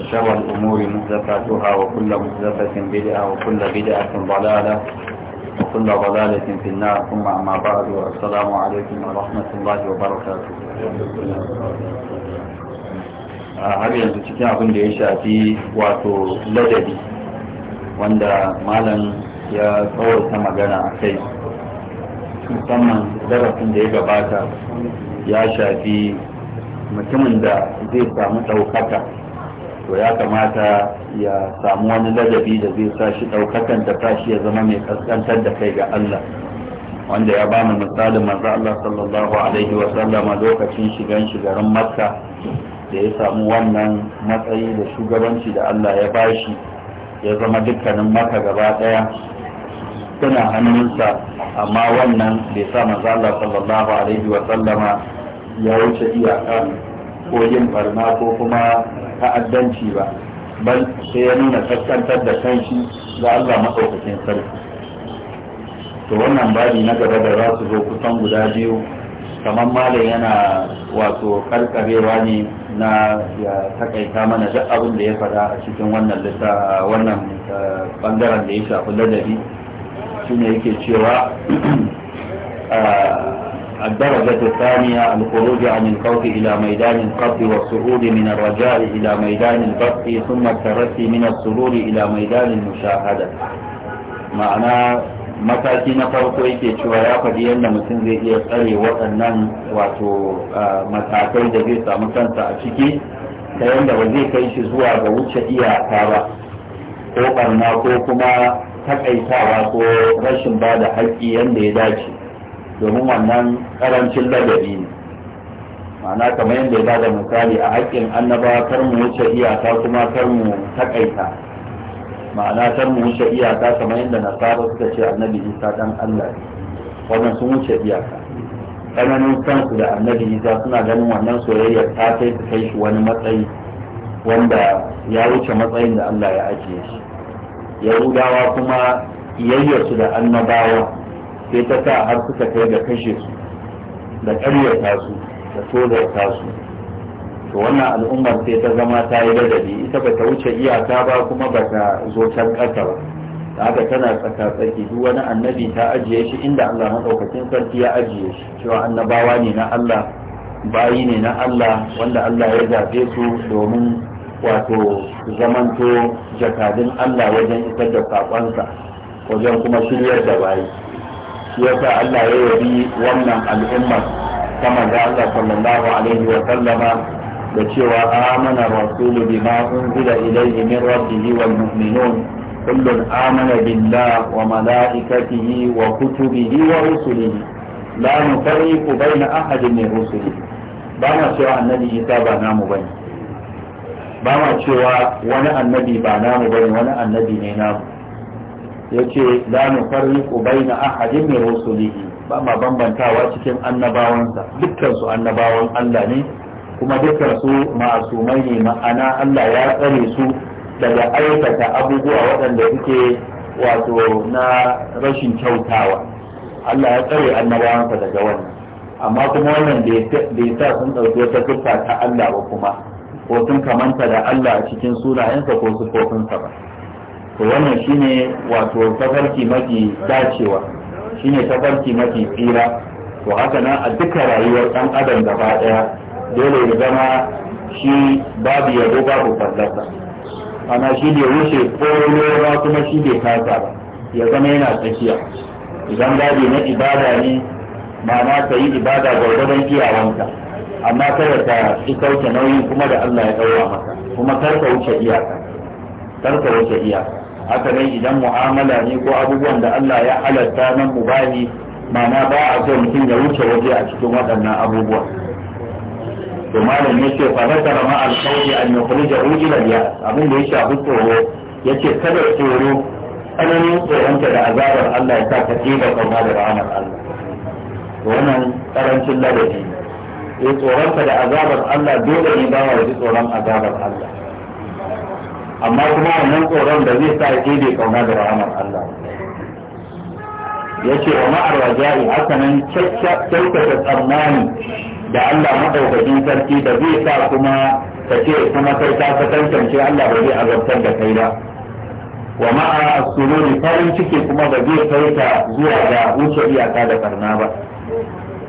وشر الأمور مهدفاتها وكل مهدفة بدعة وكل بدعة ضلالة وكل ضلالة في النار ثم أما بعد والسلام عليكم ورحمة الله وبركاته har yanzu cikin abin da ya shafi wato ladabi wanda malam ya tsawarta magana a kai musamman darasin da ya gabata ya shafi mutumin da zai samu ɗaukaka to ya kamata ya samu wani ladabi da zai sa shi ɗaukakan da tashi ya zama mai kaskantar da kai ga Allah wanda ya bamu misalin manzo Allah sallallahu alaihi wa sallama lokacin shigan shigarin Makka da ya samu wannan matsayi da shugabanci da Allah ya bashi ya zama dukkanin Makka gaba daya suna hannunsa amma wannan bai sa manzo Allah sallallahu alaihi wa sallama ya wuce iyaka ko yin barna ko kuma ta'addanci ba bal sai ya nuna kaskantar da kanshi ga Allah maɗaukakin sarki to wannan bari na gaba da za su zo kusan guda biyu kamar malam yana wato karkarewa ne na ya takaita mana duk abin da ya faɗa a cikin wannan lissa wannan bangaren eh, da ya shafi ladabi shine yake cewa eh, الدرجة الثانية الخروج عن الخوف إلى ميدان القصد والصعود من الرجاء إلى ميدان البسط ثم الترسي من السرور إلى ميدان المشاهدة معنى mataki na farko yake cewa ya faɗi yadda mutum zai iya tsare waɗannan wato matakai da zai samu kansa a ciki ta yadda ba zai kai shi zuwa ga wuce iyaka ba ko ɓarna ko kuma takaitawa ko rashin ba da haƙƙi yadda ya dace domin wannan karancin ladabi ne ma'ana kamar yadda ya bada misali a haƙƙin annabawa kar mu wuce iyaka kuma kar mu takaita ma'ana kar mu wuce iyaka kamar yadda nasara suka ce annabi isa dan allah wannan sun wuce iyaka tsananin kansu da annabi isa suna ganin wannan soyayyar ta kai su kai shi wani matsayi wanda ya wuce matsayin da allah ya ajiye shi yahudawa kuma kiyayyarsu da annabawa sai ta sa har suka kai ga kashe su da ƙaryata su da tozarta su to wannan al'ummar sai ta zama ta yi ladabi ita ba ta wuce iyaka ba kuma ba ta zo can kasa ba da haka tana tsaka tsaki duk wani annabi ta ajiye shi inda Allah maɗaukakin sarki ya ajiye shi cewa annabawa ne na Allah bayi ne na Allah wanda Allah ya zaɓe su domin wato zamanto jakadun Allah wajen isar da saƙonsa wajen kuma shiryar da bayi shi yasa Allah ya yabi wannan al'ummar kama da Allah sallallahu alaihi wa sallama da cewa amana rasulu bima unzila ilayhi min rabbih wal mu'minun kullun amana billah wa malaikatihi wa kutubihi wa rusulihi la nufarriqu bayna ahadin min rusulihi ba ma cewa annabi Isa ba namu bane ba ma cewa wani annabi ba namu bane wani annabi ne namu yace la nufarriqu baina ahadin min rusulihi ba ma bambantawa cikin annabawansa dukkan su annabawan Allah ne kuma dukkan su ma'asumai ne ma'ana Allah ya tsare su daga aikata abubuwa waɗanda suke wato na rashin kyautawa Allah ya tsare annabawansa daga wannan amma kuma wannan bai sa sun ɗauki wata siffa ta Allah ba kuma ko sun kamanta da Allah a cikin sunayensa ko sifofinsa ba to wannan shine wato tafarki mafi dacewa shine tafarki mafi tsira to haka nan a duka rayuwar ɗan adam gaba ɗaya dole ya zama shi babu yabo babu fallasa ana shi bai wuce ko ba kuma shi bai kasa ba ya zama yana tsakiya idan babu na ibada ne ma'ana ka yi ibada gwargwadon iyawanka amma kada ka ki kauce nauyi, kuma da Allah ya ɗaura maka kuma kar ka wuce iyaka kar ka wuce iyaka haka nan idan mu'amala ne ko abubuwan da Allah ya halatta nan mu bani ma'ana ba a so mutum ya wuce waje a cikin waɗannan abubuwa to malam yace fa zakara rama al a an yukhrijahu ila ya abin da ya shafi tsoro yace kada tsoro tsananin tsoronta da azabar Allah ya sa ka tsiba kauna da Allah wannan karancin ladabi ne eh, tsoronta da azabar Allah dole ne ba wa tsoron azabar Allah amma kuma wannan tsoron da zai sa ke bai kauna da rahamar Allah ya ce wa ma'ar raja'i hakanan kyautata tsammani da Allah maɗaukakin sarki da zai sa kuma ka ce kuma kai ta ka tantance Allah ba zai azabtar da kai ba wa ma'a sururi farin ciki kuma ba zai kai ta zuwa ga wuce iyaka da karna ba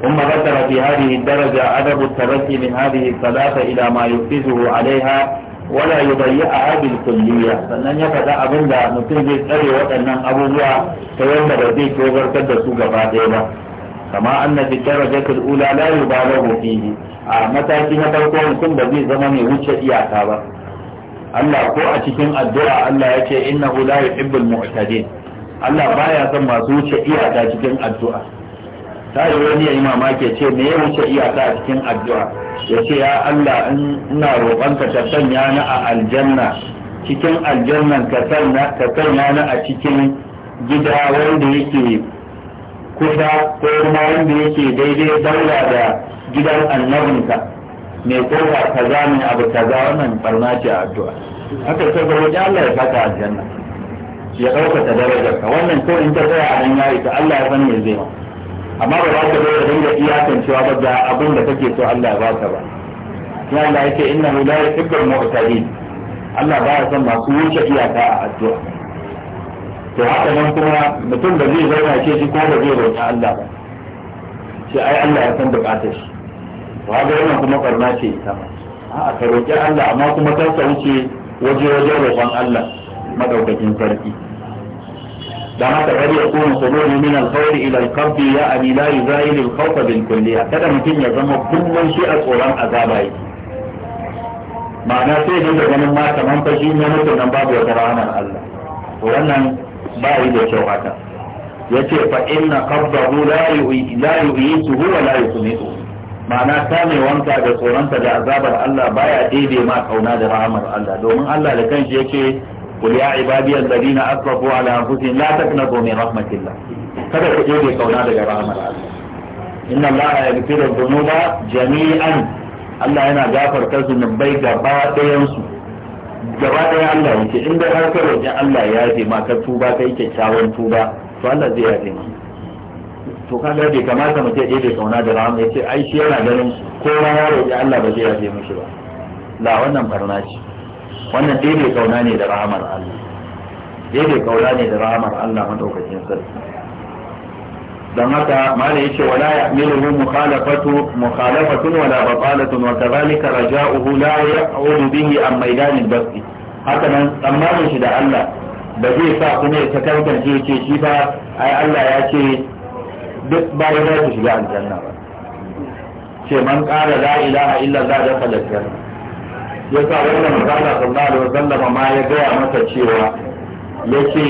ثم ذكر في هذه الدرجة أدب الترقي من هذه الثلاثة إلى ما يفيده عليها wala a abin kulliya sannan ya faɗa abin da mutum zai tsare waɗannan abubuwa ta yadda ba zai tobartar da su gaba ɗaya ba kama na fi darajatil ula la yubalaghu fihi a mataki na farko mutum ba zai zama mai wuce iyaka ba Allah ko a cikin addu'a Allah ya ce innahu la yuhibbul mu'tadin Allah baya son masu wuce iyaka cikin addu'a ta yi wani ya yi mamaki ce me ya wuce iyaka a cikin addu'a ya ce ya Allah ina roƙonka ka sanya ni a aljanna cikin aljannan ka sanya ni a cikin gida wanda yake kusa ko kuma wanda yake daidai daura da gidan annabinka mai kofa kaza min abu kaza wannan barna ce a addu'a haka sai ga wajen Allah ya saka aljanna ya ɗaukata darajarka wannan ko in ta tsaya a nan ya ita Allah ya san me zai yi. amma ba za ka zo da dinga cewa ba ga abin da kake so Allah ya ta ba ya Allah yake innahu la yuhibbu al-mu'tadin Allah ba ya son masu wuce iyaka a addu'a to haka nan kuma mutum da zai zauna ce shi ko ba zai roƙi Allah ba Sai ai Allah ya san buƙatar shi to haka wannan kuma farna ce ita ma a'a ka roƙi Allah amma kuma kar wuce waje wajen roƙon Allah madaukakin sarki da haka kar ya kuma saboni min alkhawri ila alqabdi ya abi la yuzail alkhawf bin kulliya kada mutum ya zama kullum shi a tsoron azaba yake ma'ana sai da ganin ma kaman shi ne mutum nan babu wata ranar Allah to wannan ba yi da kyau haka yace fa inna qabdahu la yu'i la yu'isu huwa la yusmitu ma'ana kamewanka da tsoronka da azabar Allah baya daidai ma kauna da rahamar Allah domin Allah da kanshi yake qul ya ibadi alladhina asrafu ala anfusihim la taqnatu min rahmatillah kada ku je kauna daga rahmar Allah inna Allah yaghfiru dhunuba jami'an Allah yana gafarta zunubai gaba ɗayan su gaba ɗaya Allah yake in dai har ka roƙi Allah ya yafe ma ka tuba kai kyakkyawan tuba to Allah zai ma to kaga bai kamata mutum ya je kauna da rahama yace ai shi yana ganin kowa ya roƙi Allah ba zai yafe mishi ba la wannan farna ce wannan daidai kauna ne da rahamar Allah daidai kauna ne da rahamar Allah madaukakin sarki don haka malai yace wala ya'miluhu mukhalafatu mukhalafatun wala batalatun wa kadhalika raja'uhu la ya'udu bihi an maidanin basi haka nan tsammanin shi da Allah ba zai sa kuma ya takarkar shi ce shi ba ai Allah ya ce duk bayan za su shiga aljanna ba ce man qala la ilaha illa Allah da aljanna yasa wannan magana sallallahu alaihi wasallam ma ya gaya masa cewa yace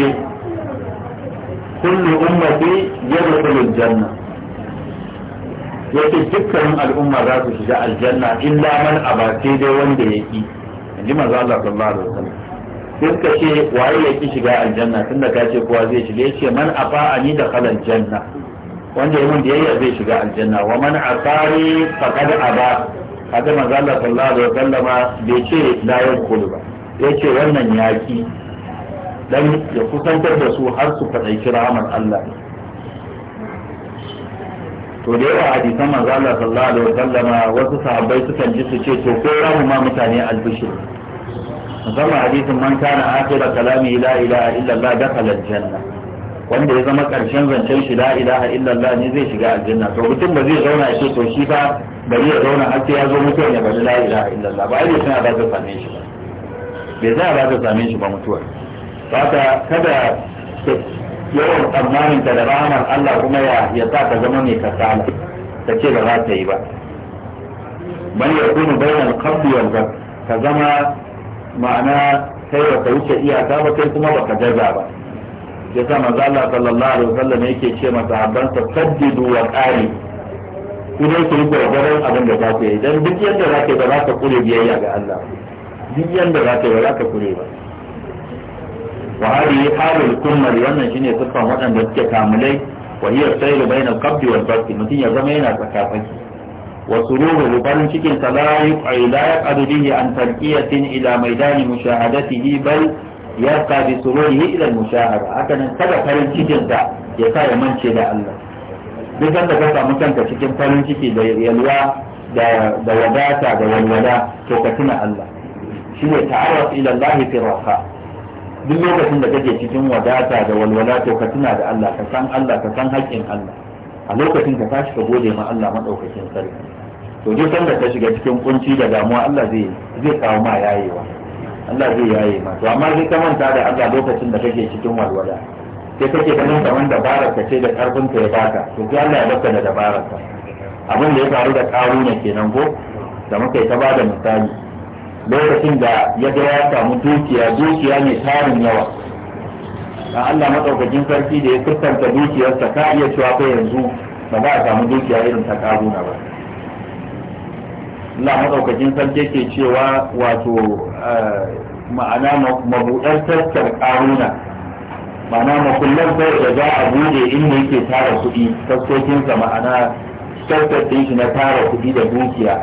kullu ummati yadkhulul janna yace dukkanin al'umma za su shiga aljanna illa man aba sai dai wanda ya ki inji manzo Allah sallallahu alaihi wasallam sai suka ce waye ya ki shiga aljanna tunda ka ce kowa zai shiga yace man afa ani da khalal janna wanda ya mun biyayya zai shiga aljanna wa man asari faqad aba kaga manzo Allah sallallahu alaihi wasallam bai ce la yakulu ba Ya ce wannan yaki dan ya kusantar da su har su fadai kiramar Allah to da yawa hadisan manzo Allah sallallahu alaihi wasallam wasu sahabbai sukan ji su ce to ko ramu ma mutane albishir musamman hadisin man kana akhira kalami la ilaha illa Allah dakhala aljanna wanda ya zama ƙarshen zancen shi la ilaha illallah ne zai shiga aljanna to mutum ba zai zauna ya ce to shi ba, ba zai zauna har sai ya zo mutuwa ya bari la ilaha illallah ba ai suna ba ta same shi ba bai za ba ta same shi ba mutuwa ba. haka kada yawan tsammanin ta da rahamar Allah kuma ya ya sa ka zama mai kasala ta ce ba za ta yi ba ya yakunu bayan qabdi wal ka zama ma'ana kai ba ka wuce iyaka ba kai kuma ba ka jaza ba ya sa manzo Allah sallallahu alaihi wasallam yake ce masa habban ta saddidu wa qari ku dai ku rike gwaran abin da za ku yi dan duk yadda za ka yi ba za ka kure biyayya ga Allah duk yadda za ka yi ba za ka kure ba wa hadi halul kummar wannan shine sifan waɗanda suke kamulai wa hiya sayru bainal qabdi wal basti mutum ya zama yana tsakatsaki wa sururu farin cikin sa la yuqaila yaqadu bihi an tarqiyatin ila maidani mushahadatihi bal yarqa bi sururihi ila al-mushahada haka nan kada farin cikin ya sa ya mance da Allah duk da ka samu kanka cikin farin ciki da yalwa da wadata da walwala to ka tuna Allah shi ne ta'arraf ila Allah fi raha duk lokacin da kake cikin wadata da walwala to ka tuna da Allah ka san Allah ka san haƙƙin Allah a lokacin ka tashi ka gode ma Allah madaukakin sarki to duk sanda ka shiga cikin kunci da damuwa Allah zai zai kawo ma yayewa Allah zai yaye ma to amma sai ka manta da Allah lokacin da kake cikin walwala sai kake ganin kamar dabarar ka ce da karfin ka ya baka to sai Allah ya baka da dabarar ka abin da ya faru da karuna kenan ko da muka yi ta bada misali lokacin da ya ga ya samu dukiya dukiya ne tarin yawa dan Allah madaukakin sarki da ya kusanta dukiyarsa ka iya cewa ko yanzu ba za a samu dukiya irin ta karuna ba Allah madaukakin sarki ke cewa wato eh, ma'ana mabuɗar tattar ƙaruna ma'ana makullar sai da za a buɗe inda yake tara kuɗi taskokinsa ma'ana tattar ɗin shi na tara kuɗi da dukiya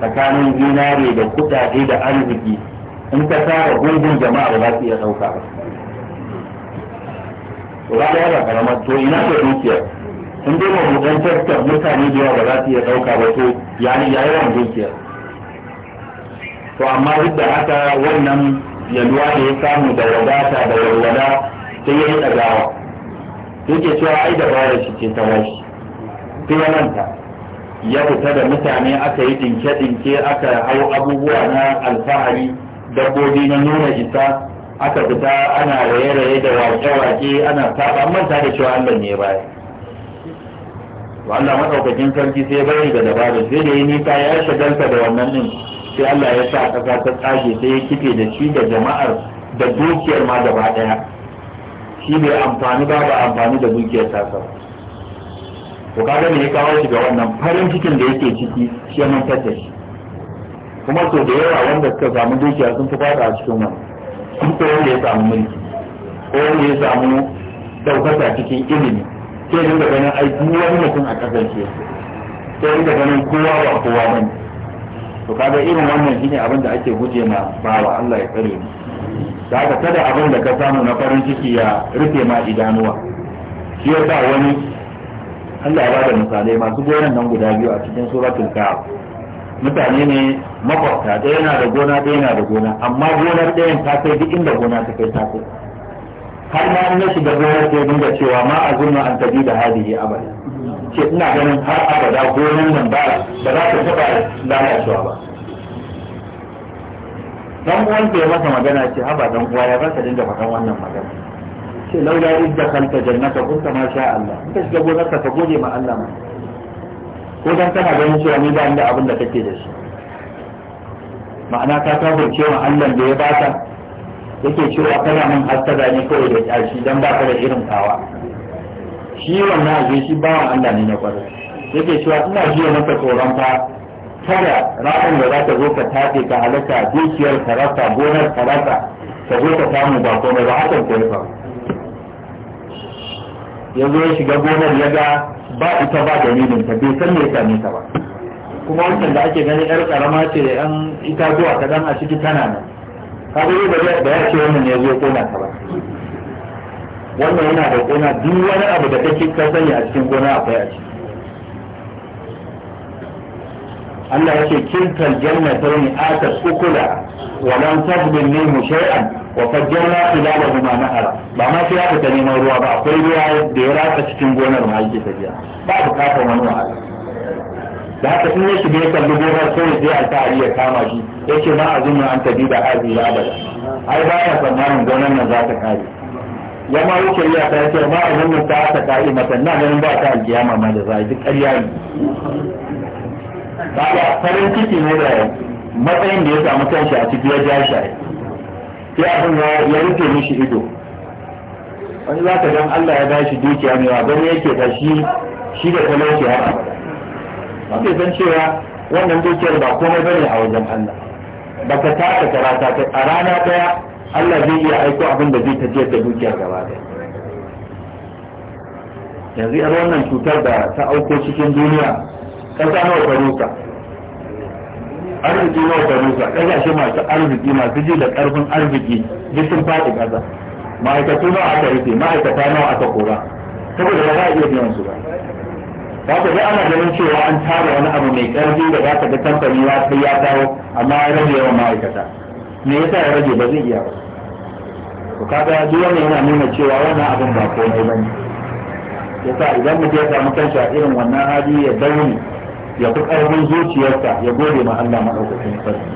tsakanin zinare da kuɗaɗe da arziki in ka tara gungun jama'a ba za su iya ɗauka ba. Ba da karamar to ina da dukiya in dai mabuɗan tattar mutane da yawa ba za su iya ɗauka ba to yani ya wa dukiya to amma duk da haka wannan yalwa da ya samu da wadata da walwala sai ya yi ɗagawa yake cewa ai da bayar shi ce ta washi sai ya ya fita da mutane aka yi dinke-dinke aka hau abubuwa na alfahari dabbobi na nuna isa aka fita ana raye-raye da wake-wake ana saba manta da cewa Allah ne baya to Allah madaukakin sarki sai ya bari da dabaru sai da yi nisa ya shagalta da wannan din sai Allah ya sa ƙasa ta tsage sai ya kife da shi da jama'ar da dukiyar ma gaba ɗaya shi bai amfani ba ba amfani da dukiyar ta sa to kaga ne ya kawo shi ga wannan farin cikin da yake ciki shi ya manta da shi kuma sau da yawa wanda suka samu dukiya sun fi fada a cikin wani ko wanda ya samu mulki ko wanda ya samu daukaka cikin ilimi sai rinka ganin ai duk wani mutum a ƙasar shi sai rinka ganin kowa ba kowa ne. to kaga irin wannan shine abin da ake guje ma bawa Allah ya tsare mu da haka kada abin da ka samu na farin ciki ya rufe ma idanuwa shi yasa wani Allah ya bada misalai masu gonan nan guda biyu a cikin suratul kahf mutane ne makwabta ɗaya na da gona ɗaya na da gona amma gonar ɗayan ta kai duk inda gona ta kai ta kai har ma an shiga gonar sai dinga cewa ma a zunna an tabi da hadihi abada ce ina ganin har abada gonar nan ba ba za ta taba lalacewa ba dan uwan ya masa magana ce haba dan uwa ya ba dinga faɗan wannan magana ce laula idda khalta jannata kunta ma sha Allah in ka shiga gonar ka gode ma Allah ma ko dan kana ganin cewa ni ba inda abin da kake da shi ma'ana ka kafirce wa Allah da ya baka yake cewa kana min hassada ne kawai da tashi dan ba ka da irin kawa shi wannan aje shi bawan Allah ne na kwarai yake cewa ina jiya maka tsoron fa kada ra'ayin da za ta zo ka tafe ka halaka dukiyar ka rasa gonar ka ka zo ka samu ba komai ba hakan ko ya ya zo ya shiga gonar ya ga ba ita ba dalilin ta bai san me ya ba kuma wancan da ake gani yar karama ce da yan itatuwa kadan a ciki tana nan kaga dai da ya ce wannan ya zo kona ka ba wannan yana da kona duk wani abu da kake ka sani a cikin gona akwai a ciki Allah ya ce kiltal jannatayn atat ukula wa lam tabdil minhu shay'an wa fajjarna khilalahuma nahara ba ma sai aka neman ruwa ba akwai ruwa da ya ratsa cikin gonar ma yake tafiya ba bukatar wani wahala da haka in ya shiga ya kalli gonar sai ya je alfahari ya kama shi yace ba a zumin an tabi da hazi ya abada ai ba ya tsammanin gonan nan za ta kare ya ma wuce iya ta yace ba a zumin ta ta mata na ganin ba ta alkiyama ma da zai duk ƙarya ne farin ciki ne da matsayin da ya samu kanshi a cikin ya ja shi sai abin ya rufe mishi ido wani za ka gan Allah ya shi dukiya mai wa yake da shi shi da talauci har abada san cewa wannan dukiyar ba komai bane a wajen Allah ba ka taka tara ta a rana daya Allah zai iya aiko abin da zai tafiyar da dukiya gaba daya yanzu yar wannan cutar da ta auko cikin duniya ƙasa nawa ta rusa arziki nawa ta rusa ƙasashe masu arziki masu ji da ƙarfin arziki duk sun faɗi ƙasa ma'aikatu nawa aka rufe ma'aikata nawa aka kora saboda ba za a iya biyan su ba za ka ga ana ganin cewa an tara wani abu mai ƙarfi da za ka ga kamfani ya kai ya kawo amma ya rage yawan ma'aikata me yasa ya rage ba zai iya ba to kaga duk yana nuna cewa wannan abin ba komai bane yasa idan mutum ya samu kanshi a irin wannan hali ya dauni ya fi ƙarfin zuciyarsa ya gode ma Allah maɗaukakin sarki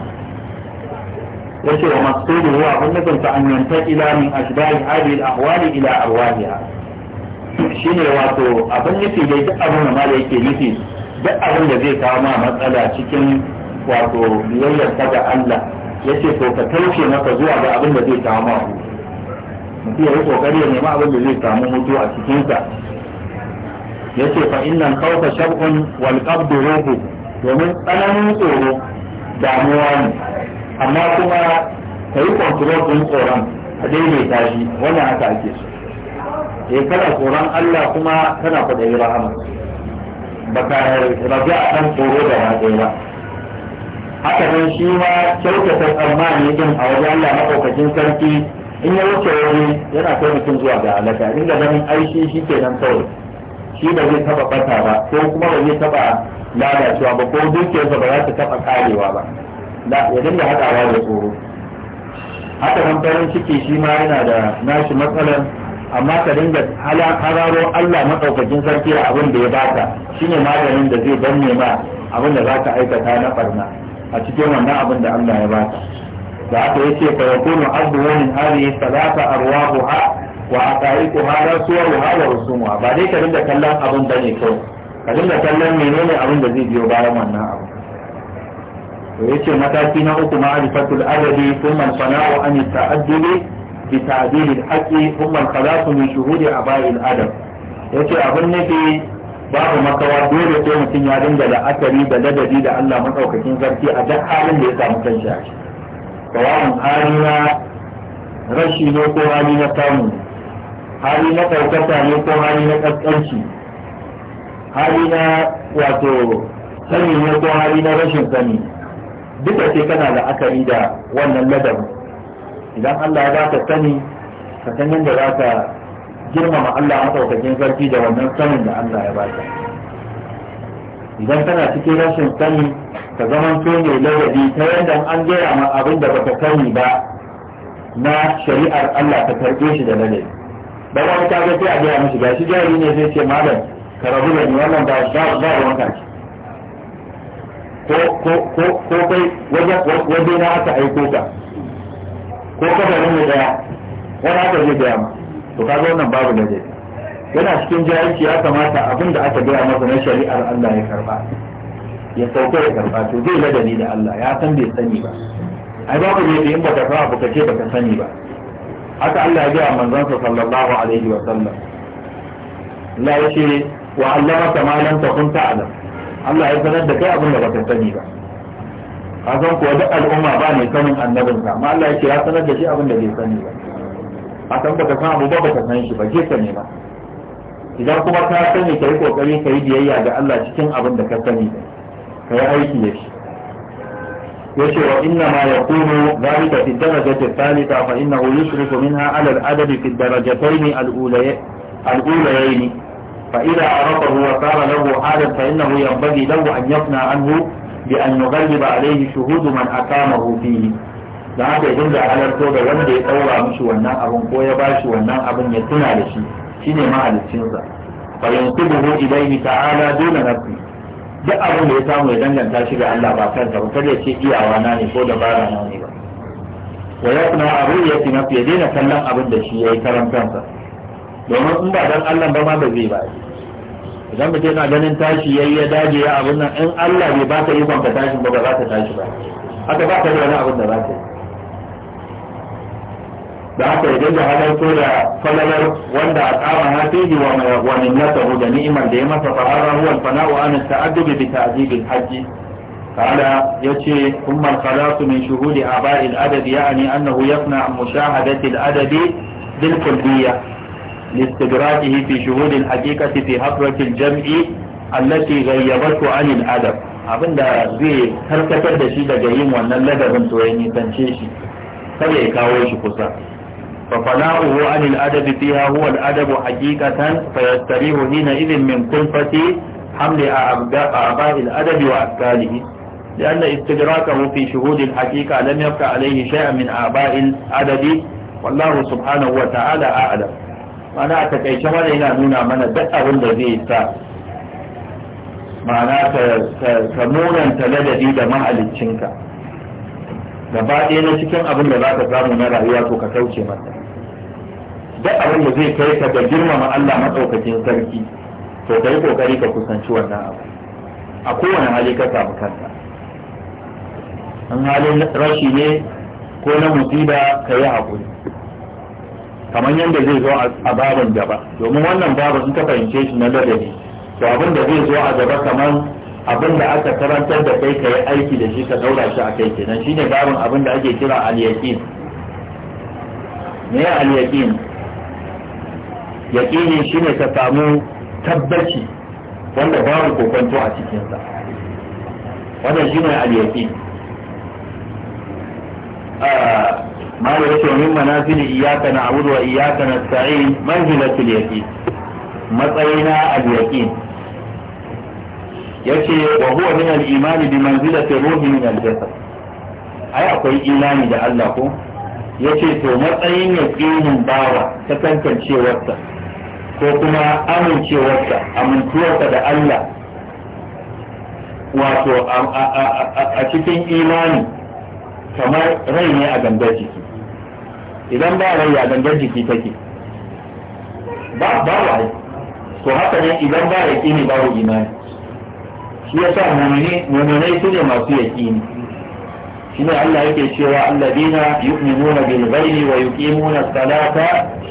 yace wa maqsudu huwa abin nufin ta an yanta ila min ashbahi hadhihi al-ahwali ila arwahiha shine wato abin nufi dai duk abin da mala yake nufi duk abin da zai kawo ma matsala cikin wato biyayyar ta ga Allah ce to ka taushe maka zuwa ga abin da zai kawo ma mutum ya yi kokari ya nema abin da zai samu mutu a cikinsa yace fa innan khawfa shar'un wal qabdu ruhu domin tsananin tsoro damuwa ne amma kuma ka yi control tsoron a daidaita shi Wani haka ake so eh kana tsoron Allah kuma kana kuɗa yi rahama baka raja a kan tsoro da rajai ba haka nan shi ma kyautata tsammani din a wajen Allah maɗaukakin sarki in ya wuce wani yana kai mutum zuwa ga alaka inda ganin aishi shi ke nan kawai shi ba zai taɓa ɓata ba ko kuma ba zai taɓa lalacewa ba ko dukiyarsa ba za ta taɓa karewa ba ya dinga haɗawa da tsoro haka nan farin ciki shi ma yana da nashi matsalar amma ka dinga hararo Allah maɗaukakin sarki a abin da ya baka shine maganin da zai danne ma abin da za ka aikata na barna a cikin wannan abin da Allah ya baka da aka yi ce fayakunu abdu wani hari salata arwahu ha wa aqaiqu ha rasuwa ha wa rusumuha ba dai ka dinga kallon abin da ne kawai ka dinga kallon menene abin da zai biyo bayan wannan abu to yace mataki na uku ma'rifatul adabi thumma sana'u an ta'addubi umar بتعديل الحق ثم shuhudi a bayan آباء Ya ce abin nufi babu makawa dole sai mutum ya dinga la'akari da ladabi da Allah maɗaukakin sarki a duk halin da ya samu kan kanshi a tawawun hali na rashi ne ko hali na samu hali na ɗaukaka ne ko hali na ƙasƙanci hali na wato sani ne ko hali na rashin sani duka sai kana la'akari da wannan ladabi idan Allah ya baka sani ka san yadda za ka girmama Allah a sarki da wannan sanin da Allah ya baka idan kana cikin rashin sani ka zaman to ne ladabi ta yadda an gaya ma abin da baka sani ba na shari'ar Allah ka karɓe shi da ladabi ba wani ka ga sai a gaya mishi gashi jari ne sai ce malam ka rabu da ni wannan ba ba ba wanka ce ko ko ko ko kai wajen na aka aiko ka ko kafarin ne daya wani aka zai gaya ma to kaga wannan babu da yana cikin jahilci ya kamata abin da aka gaya masa na shari'ar Allah ya karba ya sauka ya karba to zai ladani da Allah ya san bai sani ba ai babu ne in baka fara abu kace baka sani ba haka Allah ya gaya manzon sa sallallahu alaihi wa sallam Allah ya ce wa allamaka ma lam takun ta'lam Allah ya sanar da kai abin da baka sani ba a zan kuwa duk al'umma ba mai sanin annabinsa amma Allah ya ya sanar da shi abin da bai sani ba a san baka san abu ba baka san shi ba ke ka ba idan kuma ka sani ka yi kokari ka yi biyayya ga Allah cikin abin da ka sani ka yi aiki da shi yace wa inna ma yakunu zalika fi darajati thalitha fa innahu yushriku minha ala al-adab fi darajatayn al-ulayayn fa idha arafahu wa sara lahu halan fa innahu yanbaghi lahu an yafna anhu bi an yughalib alayhi shuhudu man aqamahu fihi da haka idan da halarto da wanda ya daura mishi wannan abin ko ya bashi wannan abin ya tuna da shi ne mahaliccinsa fa yansibuhu ilayhi ta'ala duna nafsi duk abin da ya samu ya danganta shi ga Allah ba kansa ba kada ya ce iyawa na ne ko dabara na ne ba wa yaqna ariyati nafsi ya daina kallon abin da shi yayi karan kansa domin in ba dan Allah ba ma ba zai ba shi idan mutum yana ganin tashi yayi ya dage ya abun nan in Allah bai baka ikon ka tashi ba ba za ka tashi ba haka ba ka da wani abun da za ka yi da haka idan da ko da falalar wanda a kama hafihi wa wani na minnatahu da ni'imar da ya masa fahara huwa al-fana'u an ta'addubi bi ta'dibil hajji قال يتي min shuhudi aba'il شهود أعباء annahu yafna mushahadati al مشاهدة bil kulliyah لاستدراكه في شهود الحقيقة في حفرة الجمع التي غيبته عن الأدب da zai karkatar da shi daga yin wannan ladabin to ya nisance shi kada ya kawo shi kusa fa fana'uhu anil adabi fiha huwa al adabu haqiqatan fa yastarihu hina idin min kulfati hamli a'ba'i al adabi wa afkalihi لأن استدراكه في شهود الحقيقة لم يبقى عليه شيئا من أعباء العدد والله سبحانه وتعالى أعلم mana a takaice mana yana nuna mana duk abin da zai sa mana ka munanta ladabi da mahaliccinka gaba ɗaya na cikin abin da za ka samu na rayuwa to ka kauce mata duk abin da zai kai ka da girmama Allah maɗaukakin sarki to ka yi ƙoƙari ka kusanci wannan abu a kowane hali ka samu kanka an halin rashi ne ko na musiba ka yi haƙuri kamar yadda zai zo a babin gaba domin wannan babin sun fahimce shi na ladabi to abin da zai zo a gaba kamar abin da aka karantar da kai ka yi aiki da shi ka daura shi a kai kenan shine babin abin da ake kira al meye me ya shine ka samu tabbaci wanda babu kokonto a cikinsa. sa wannan shine al ما يشعر من منازل إياك نعبد وإياك نستعين منزلة اليقين مطينا اليقين yace wa huwa min al-iman bi manzilati ruhi min al-jasad ai akwai imani da Allah ko yace to matsayin yaqinin bawa ta kankancewarsa ko kuma amincewarsa amintuwarsa da Allah wato a cikin imani kamar rai ne a gangar jiki idan ba rai ya gangar jiki take ba ba rai to haka ne idan ba yaqini babu imani shi yasa mu'mini mu'minai su ne masu yaqini shine Allah yake cewa alladina yu'minuna bil ghaibi wa yuqimuna as-salata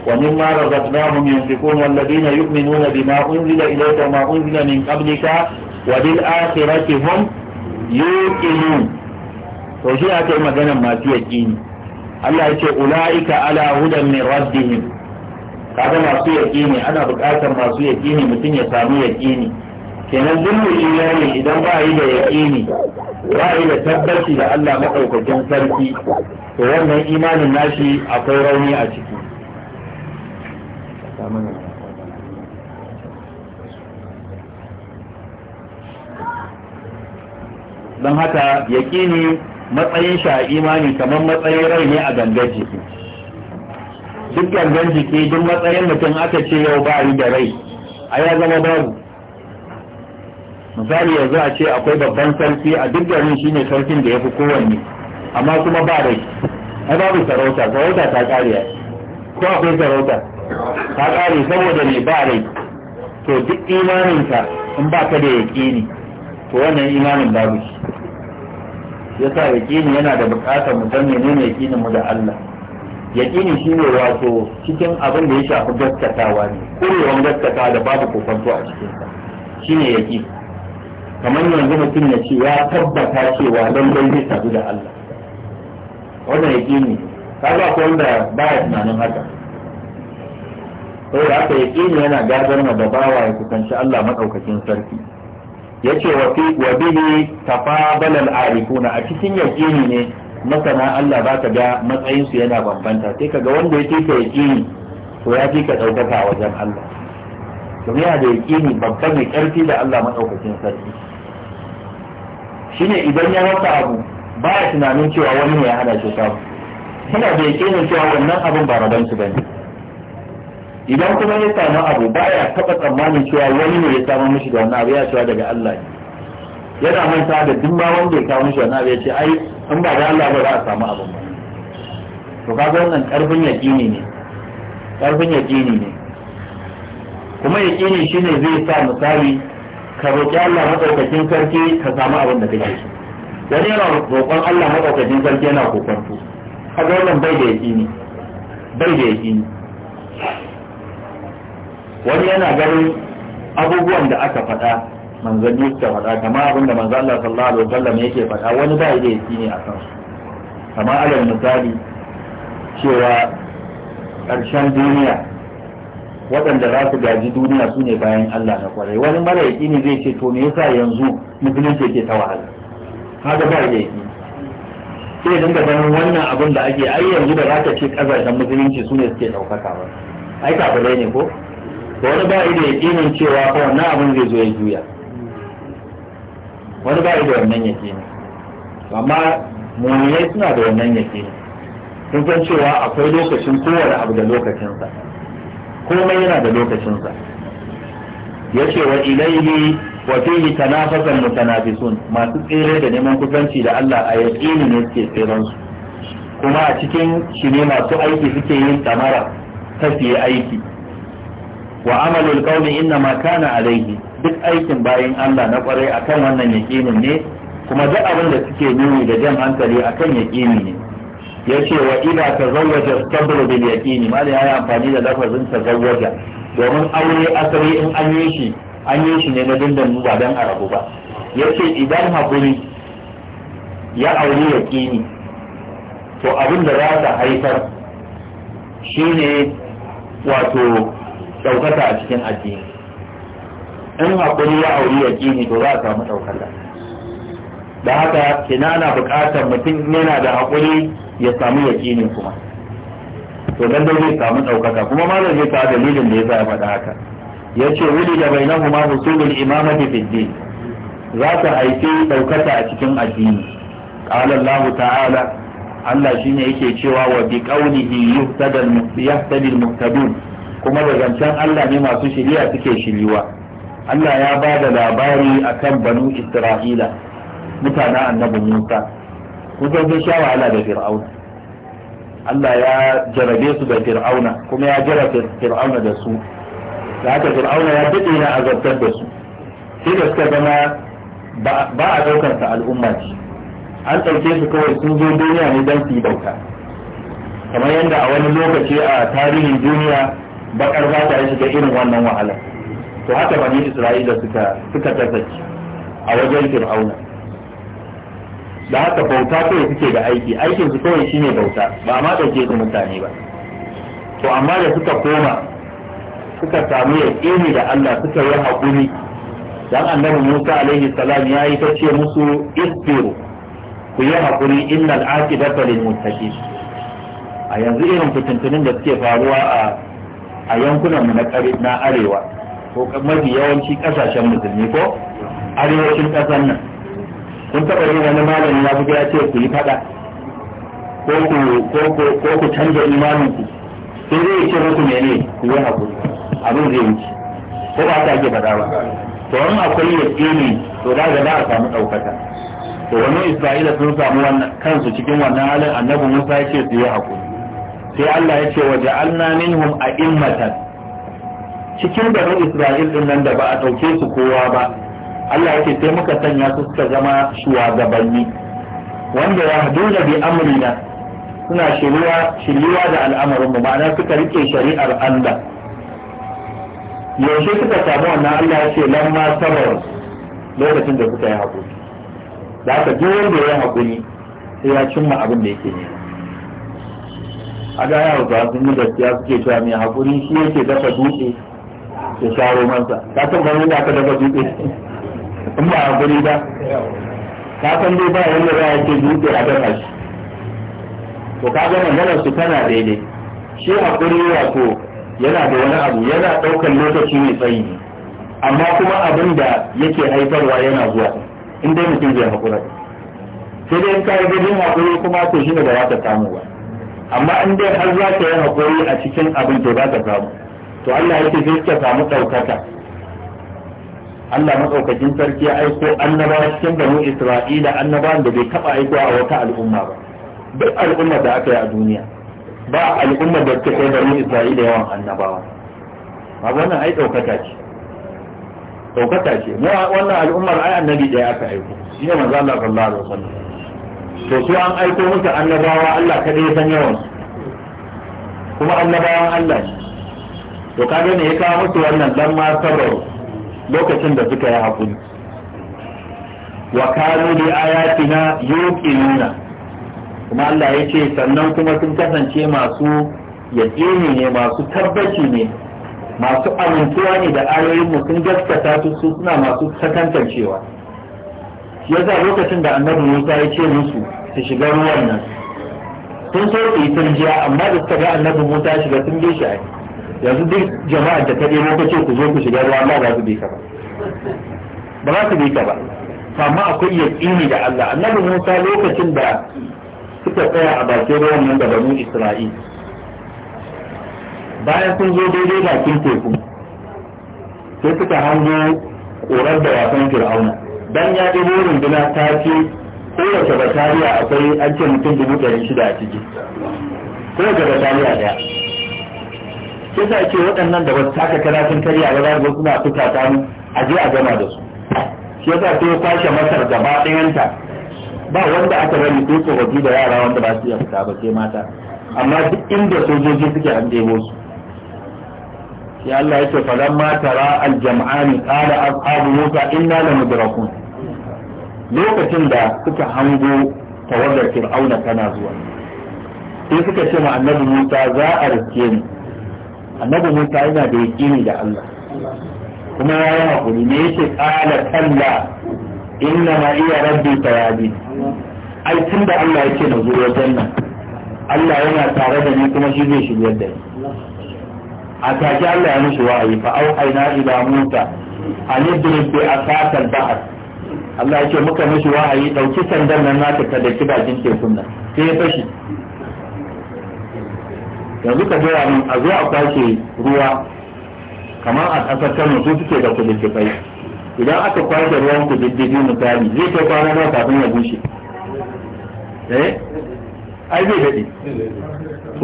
wa mimma razaqnahum yu'minuna bima unzila ilayka ma unzila min qablika wa bil akhirati hum yuqinun to shi ake maganar masu yaqini Allah yake ula'ika ala hudan min rabbihim kaga masu yaqini ana buƙatar masu yaqini mutum ya samu yaqini kenan duk imani idan ba yi da yaqini ba yi da tabbaci da Allah madaukakin sarki to wannan imanin nashi akwai rauni a ciki don haka yaqini matsayin shi a imani kamar matsayin rai ne a gangar jiki duk gangan jiki duk matsayin mutum aka ce yau ba yi da rai a ya zama babu misali yanzu a ce akwai babban sarki a duk garin ne sarkin da ya fi kowanne amma kuma ba rai ai babu sarauta sarauta ta kare ko akwai sarauta ta kare saboda ne ba rai to duk imaninka in ba ka da yaƙini to wannan imanin babu shi Ya sa yaƙini yana da buƙatar mu san menene yaqinin mu da Allah shi shine wato cikin abin da ya shafi gaskatawa ne kurewan gaskatawa da babu kokonto a cikin sa shine yaqini kamar yanzu mutum ya ce ya tabbata cewa lallai zai sadu da Allah wannan ka ga ko wanda baya tunanin haka saboda haka yaƙini yana gadar da bawa ya kusanci Allah madaukakin sarki Ya ce fi wa bihi tafadala al-arifuna a cikin yaqini ne masana Allah ba ka ga matsayin yana bambanta sai kaga wanda yake ka yaqini to ya fi ka daukaka wajen Allah domin yana da yaqini babban mai karfi da Allah madaukakin sarki shine idan ya rasa abu ba ya tunanin cewa wani ne ya hana shi samu yana da yaƙinin cewa wannan abin ba su bane idan kuma ya samu abu ya taɓa tsammanin cewa wani ne ya samu mishi da wannan abu ya cewa daga Allah ne yana manta da duk ma wanda ya kawo mishi wannan abu ya ce ai in ba da Allah ba za a samu abin ba to kaga wannan karfin yaƙini ne karfin yaƙini ne kuma yaƙini shine zai sa misali ka roƙi Allah madaukakin sarki ka samu abin da kake so wani yana roƙon Allah madaukakin sarki yana kokonto kaga wannan bai da yaqini bai da yaƙini wani yana ganin abubuwan da aka faɗa manzanni suka faɗa kama abinda manzan Allah sallallahu alaihi wasallam yake faɗa wani ba da yake ne a kan su kama alal misali cewa ƙarshen duniya waɗanda za su gaji duniya su ne bayan Allah na kwarai wani mara yaƙi ne zai ce to me yasa yanzu musulunci yake ta wahala haka ba da yaƙi sai dinga ganin wannan abin da ake ai yanzu da za ka ce ƙasashen musulunci su ne suke ɗaukaka ba ai kafirai ne ko da wani ba'i da yakinin cewa ko na abin zai zo ya juya wani ba da wannan yakini amma mummunai suna da wannan yakini sun san cewa akwai lokacin kowane abu da lokacinsa komai yana da lokacinsa Ya ce wa ilaihi wa fihi tanafasan mutanafisun masu tsere da neman kusanci da Allah a yaqini ne suke tseren su kuma a cikin shi ne masu aiki suke yin tamara fiye aiki wa amalul in inna ma kana alaihi duk aikin bayan Allah na kwarai akan wannan yaƙinin ne kuma duk abin da suke nuni da jan hankali akan yaƙini ne yace wa idza tazawwaja tabru bil yaqini ya yi amfani da lafazin tazawwaja domin aure asali in an yi shi an yi shi ne na dindan ba dan arabu ba yace idan hakuri ya aure yaƙini to abin da za ta haifar shine wato Daukata a cikin addini in haƙuri ya auri ya ƙini to za a samu ɗaukaka da haka kina ana buƙatar mutum yana da haƙuri ya samu ya ƙini kuma to dan zai samu ɗaukaka kuma malam zai kawo dalilin da ya sa ya faɗa haka ya ce wuli da bai na kuma husulul imamati fiddi za ta haifi ɗaukaka a cikin addini ƙalar lahu ta'ala Allah shine yake cewa wa bi qawlihi yuhtadal muhtadun kuma da zancen Allah ne masu shiriya suke shiriwa Allah ya ba da labari akan banu Isra'ila mutanen annabi Musa kusan sun sha wahala da Fir'auna Allah ya jarabe su da Fir'auna kuma ya jarabe Fir'auna da su da haka Fir'auna ya dade na azabtar da su sai da suka zama ba a ɗaukar al'umma ce an ɗauke su kawai sun zo duniya ne don su yi bauta kamar yadda a wani lokaci a tarihin duniya bakar za ta shiga irin wannan wahala to haka bani isra'ila suka suka tasace a wajen fir'auna da haka bauta kawai suke da aiki aikin su kawai shine bauta ba ma ke su mutane ba to amma da suka koma suka samu yaƙini da Allah suka yi haƙuri dan annabi Musa alaihi salam ya yi ta ce musu isbiru ku yi haƙuri innal aqibata lil muttaqin a yanzu irin fitintunin da suke faruwa a a yankunan mu na arewa ko mafi yawanci kasashen musulmi ko arewacin ƙasar nan kun taɓa yi wani malami ya fito ya ce ku yi faɗa ko ku canza imanin ku sai zai ce musu mene ku yi haƙuri abin zai wuce ko ba ta ake faɗa ba to wani akwai yaƙini to da za a samu ɗaukata. to wani isra'ila sun samu kansu cikin wannan halin annabi musa ya ce su yi haƙuri sai Allah ya ce wa ja'alna minhum a'immatan cikin garin Isra'il din nan da ba a dauke su kowa ba Allah ya ce sai muka sanya su suka zama shugabanni wanda ya haduna bi amrina suna shiriwa shiriwa da al'amarin mu ma'ana suka rike shari'ar Allah yaushe suka samu wannan Allah ya ce lamma sabar lokacin da suka yi hakuri da haka duk wanda ya yi hakuri sai ya cimma abin da yake nema a ga ya ba sun yi gaskiya suke cewa mai hakuri shi yake dafa dutse ya sharo masa ka san ba wanda aka dafa dutse in ba hakuri ba ka san dai ba wanda za a ce dutse a dafa shi to ka ga magana su tana daidai shi hakuri wato yana da wani abu yana ɗaukar lokaci mai tsayi amma kuma abin da yake haifarwa yana zuwa in dai mutum zai hakura sai dai in ka yi gajin hakuri kuma to shi ne da za ta samu ba amma an dai har za ka yi haƙuri a cikin abin to za ka samu to Allah yake zai ka samu ɗaukaka Allah maɗaukakin sarki ya aiko annaba cikin banu Isra'ila annaba da bai taɓa aikowa a wata al'umma ba duk al'ummar da aka yi a duniya ba al'ummar da suka kai banu Isra'ila yawan annabawa ba wannan ai ɗaukaka ce ɗaukaka ce mu wannan al'ummar ai annabi ɗaya aka aiko shi ne manzo Allah sallallahu alaihi wasallam to su an aiko musu annabawa Allah kada ya san yawan kuma annabawan Allah to kaga ne ya kawo musu wannan dan ma sabar lokacin da suka yi hakuri wa kanu li ayatina yuqinuna kuma Allah ya ce sannan kuma sun kasance masu yaqini ne masu tabbaci ne masu amintuwa ne da ayoyin mu sun gaskata su suna masu sakantancewa shi za lokacin da annabi Musa ya ce musu su shiga ruwan nan sun so su yi turjiya amma da suka ga annabi Musa ya shiga sun bi shi ai yanzu duk jama'ar da ta ɗebo ka ku zo ku shiga ruwa amma ba su bi ka ba ba za su bi ka ba amma akwai yaƙini da Allah annabi Musa lokacin da suka tsaya a bakin ruwan nan da banu Isra'il bayan sun zo daidai bakin teku sai suka hango ƙorar da wasan fir'auna dan ya burin runduna ta ce kowace bataliya akwai an ce mutum dubu ɗari shida a ciki kowace bataliya ɗaya kisa ce waɗannan da wasu taka kara sun karya ba za suna fita ta mu a je a gama da su shi yasa sai ya kwashe masar gaba ɗayanta ba wanda aka bari ko tsofaffi da yara wanda ba su iya fita ba sai mata amma duk inda sojoji suke an ɗebo su sai Allah ya ce falamma tara al-jam'ani qala ashabu musa inna lamudrakun lokacin da suka hango tawagar fir'auna tana zuwa sai suka ce ma annabi musa za a riske ni annabi musa yana da yaƙini da allah kuma ya yi haƙuri ne yake ƙala kalla inna ma iya rabbi tayadi ai tun da allah yake na zo wajen nan allah yana tare da ni kuma shi zai shigar da ni a take allah ya mishi wa'ayi fa au aina ila musa an yadda yake a satar bahar Allah ya ce muka mishi wahayi ɗauki sandan nan naka ka da bakin tekun nan sai ya fashi yanzu ka gaya min a zo a kwashe ruwa kamar a ƙasar Kano su suke da kududdufai idan aka kwashe ruwan kududdufi misali zai kai kwana nawa kafin ya bushe eh ai zai daɗe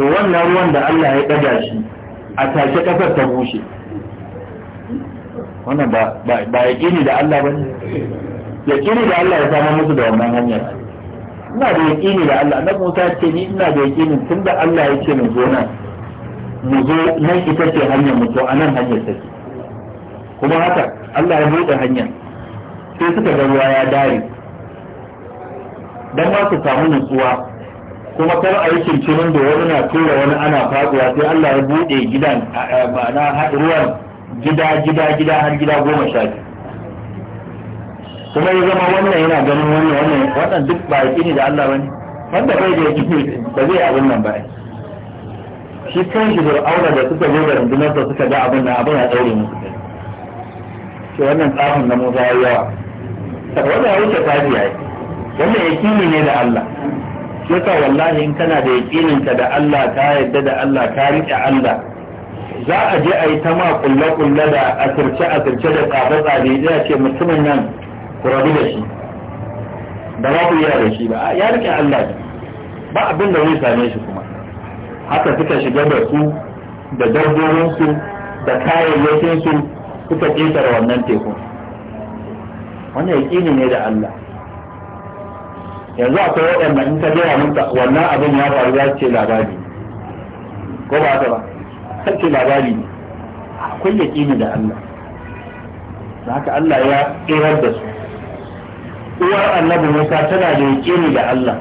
to wannan ruwan da Allah ya ɗaga shi a tashe ƙasar ta bushe wannan ba ba yaƙini da Allah ba ne yaƙini da Allah ya samu musu da wannan hanyar ina da yaƙini da Allah annabi Musa ce ni ina da yaƙinin tunda Allah ya ce mu zo nan mu zo nan ita ce hanyar mu to anan hanyar take kuma haka Allah ya buɗe hanyar sai suka ga ruwa ya dare dan ma su samu nutsuwa kuma kar a yi cincinin da wani na tura wani ana faɗuwa sai Allah ya buɗe gidan ma'ana ruwan gida gida gida har gida goma sha biyu kuma ya zama wannan yana ganin wannan wannan wannan duk ba yaƙini da Allah bane wanda bai da yaƙini ba zai abin nan ba shi kan shi aura da suka zo da rundunar da suka ga abin nan abin ya daure musu kai to wannan tsafin na Musa ya yawa wanda ya wuce tafi yayi wannan yaƙini ne da Allah shi yasa wallahi in kana da yaƙinin ka da Allah ka yarda da Allah ka riƙe Allah za a je a yi ta ma kulle-kulle da asirce-asirce da tsafe-tsafe zai ce mutumin nan ku rabu da shi da ba ku yi da shi ba ya rike Allah ne ba abin da zai same shi kuma haka suka shiga da su da dabbobin su, da kayayyakinsu suka ƙetare wannan teku wannan yaƙini ne da Allah yanzu akwai waɗanda in ka gaya mun wannan abin ya faru za ce labari ko ba ta ba kan ce labari ne akwai yaƙini da Allah da haka Allah ya tsirar da su uwar annabi Musa tana da ni da Allah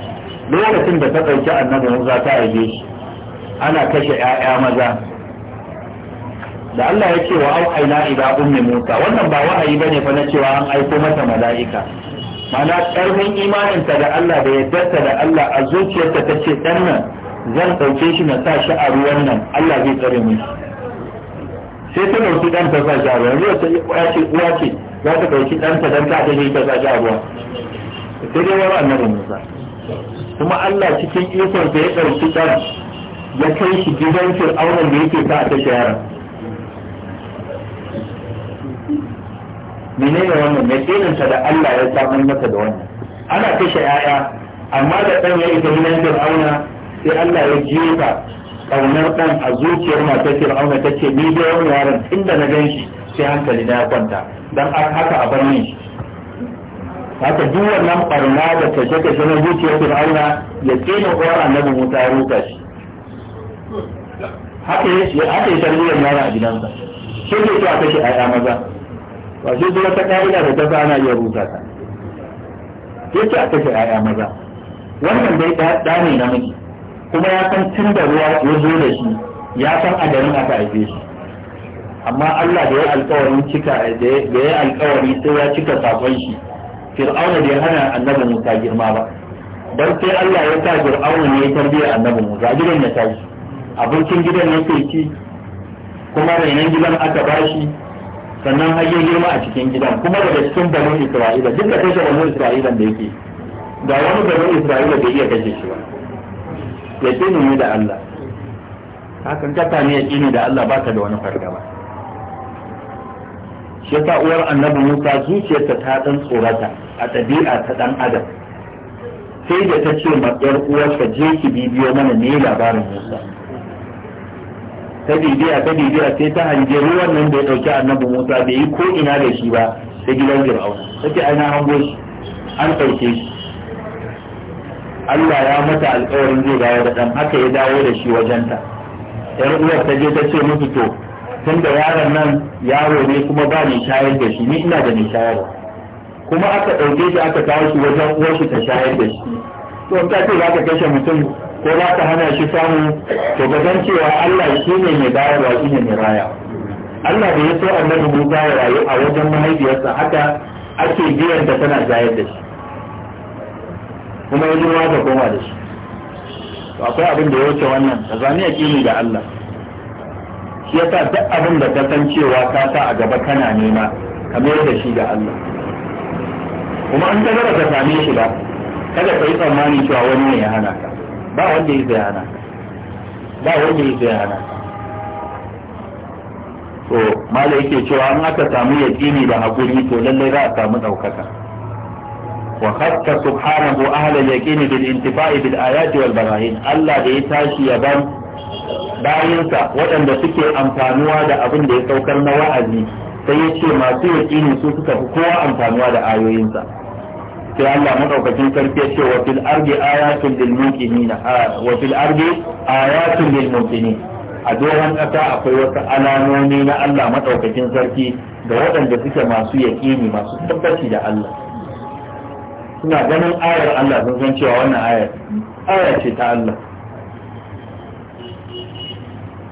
lokacin da ta ɗauki annabi Musa ta aje shi ana kashe ‘ya'ya maza da Allah ya ce wa aina ila ummi Musa wannan ba wahayi bane fa na cewa an aiko mata mala'ika mana ƙarfin imaninta da Allah da yardarta da Allah a zuciyarta ta ce ɗan zan ɗauke shi na sa shi a ruwan nan Allah zai tsare mu sai ta ɗauki ɗan ta sa shi a ruwan ya ce uwa ce za ta ɗauki ɗanta don ta ta zai ta sa shi ruwa sai dai wani annabi musa kuma allah cikin ikon ya ɗauki ɗan ya kai shi gidan fir'aunan da yake sa a ta yaran menene wannan mai tsananta da allah ya samar masa da wannan ana kashe 'ya'ya amma da ɗan ya isa gidan fir'auna sai allah ya ka. ƙaunar ɗan a zuciyar matar fir'auna ta ce ni da wani yaron inda na gan shi sai hankali na ya kwanta don haka a bar min shi haka duk wannan barna da kashe-kashe na zuciyar fir'auna ya tsina uwar annabi musa ya ruka shi haka ya haka ya tarbiyyar yara a gidansa shi ne cewa kashe ƴaƴa maza ba shi zuwa ta ƙa'ida da ta sa ana iya ruka ta ke a kashe ƴaƴa maza wannan dai ɗa ne namiji kuma ya san tun da ruwa ya zo da shi ya san a garin aka haife shi amma Allah da ya alkawarin cika da ya alkawari sai ya cika sakon shi fir'auna ya hana annabi Musa girma ba dan sai Allah ya sa fir'auna ne ya tarbiya annabi Musa gidan ya tashi abincin gidan yake ci kuma rainan gidan aka bashi sannan har girma a cikin gidan kuma daga cikin banu Isra'ila duk da kashe banu Isra'ila da yake ga wani banu Isra'ila da iya kashe shi ba yaƙini ne da Allah hakan kata ne ni da Allah ba ta da wani fargaba shi yasa uwar annabi Musa zuciyarta ta dan tsorata a ɗabi'a ta dan adam sai da ta ce matsayar uwarsa je ki bibiyo mana ne labarin Musa ta bibiya ta bibiya sai ta hange ruwan nan da ya ɗauki annabi Musa bai yi ko ina da shi ba sai gidan Fir'auna ai na hango shi an ɗauke shi Allah ya mata alƙawarin zai dawo da ɗan haka ya dawo da shi wajenta yar uwar ta je ta ce musu to tun da yaron nan yaro ne kuma ba ni shayar da shi ni ina da ni kuma aka ɗauke shi aka kawo shi wajen uwar shi ta shayar da shi to ta ce za ka kashe mutum ko za ka hana shi samu to ga cewa Allah shi ne mai bayarwa shi ne mai raya Allah da ya so annabi Musa ya rayu a wajen mahaifiyarsa haka ake biyan da tana shayar da shi kuma ya girma ka koma da shi to akwai abin da ya wuce wannan ka zami yaƙini da Allah shi yasa duk abin da ka san cewa ka sa a gaba kana nema ka mayar da shi ga Allah kuma an ta gaba ka same shi ba kada ka yi tsammani cewa wani ne ya hana ka ba wanda ya zai hana ka ba wanda ya zai hana ka to mala yake cewa an aka samu yaƙini da hakuri to lallai za a samu ɗaukaka وخص سبحانه أهل اليقين بالانتفاع بالآيات والبراهين الله بيتاشي يبان bayinsa waɗanda suke amfanuwa da abin da ya saukar na wa'azi sai ya ce masu yaƙini su suka fi kowa amfanuwa da ayoyinsa sai Allah madaukakin sarki ya ce wa fil ardi ayatul lil muqinin wa fil ardi ayatul lil muqinin a doron ƙasa akwai wasu alamomi na Allah madaukakin sarki ga waɗanda suke masu yaƙini masu tabbaci da Allah suna ganin ayar Allah sun san cewa wannan ayar Ayar ce ta Allah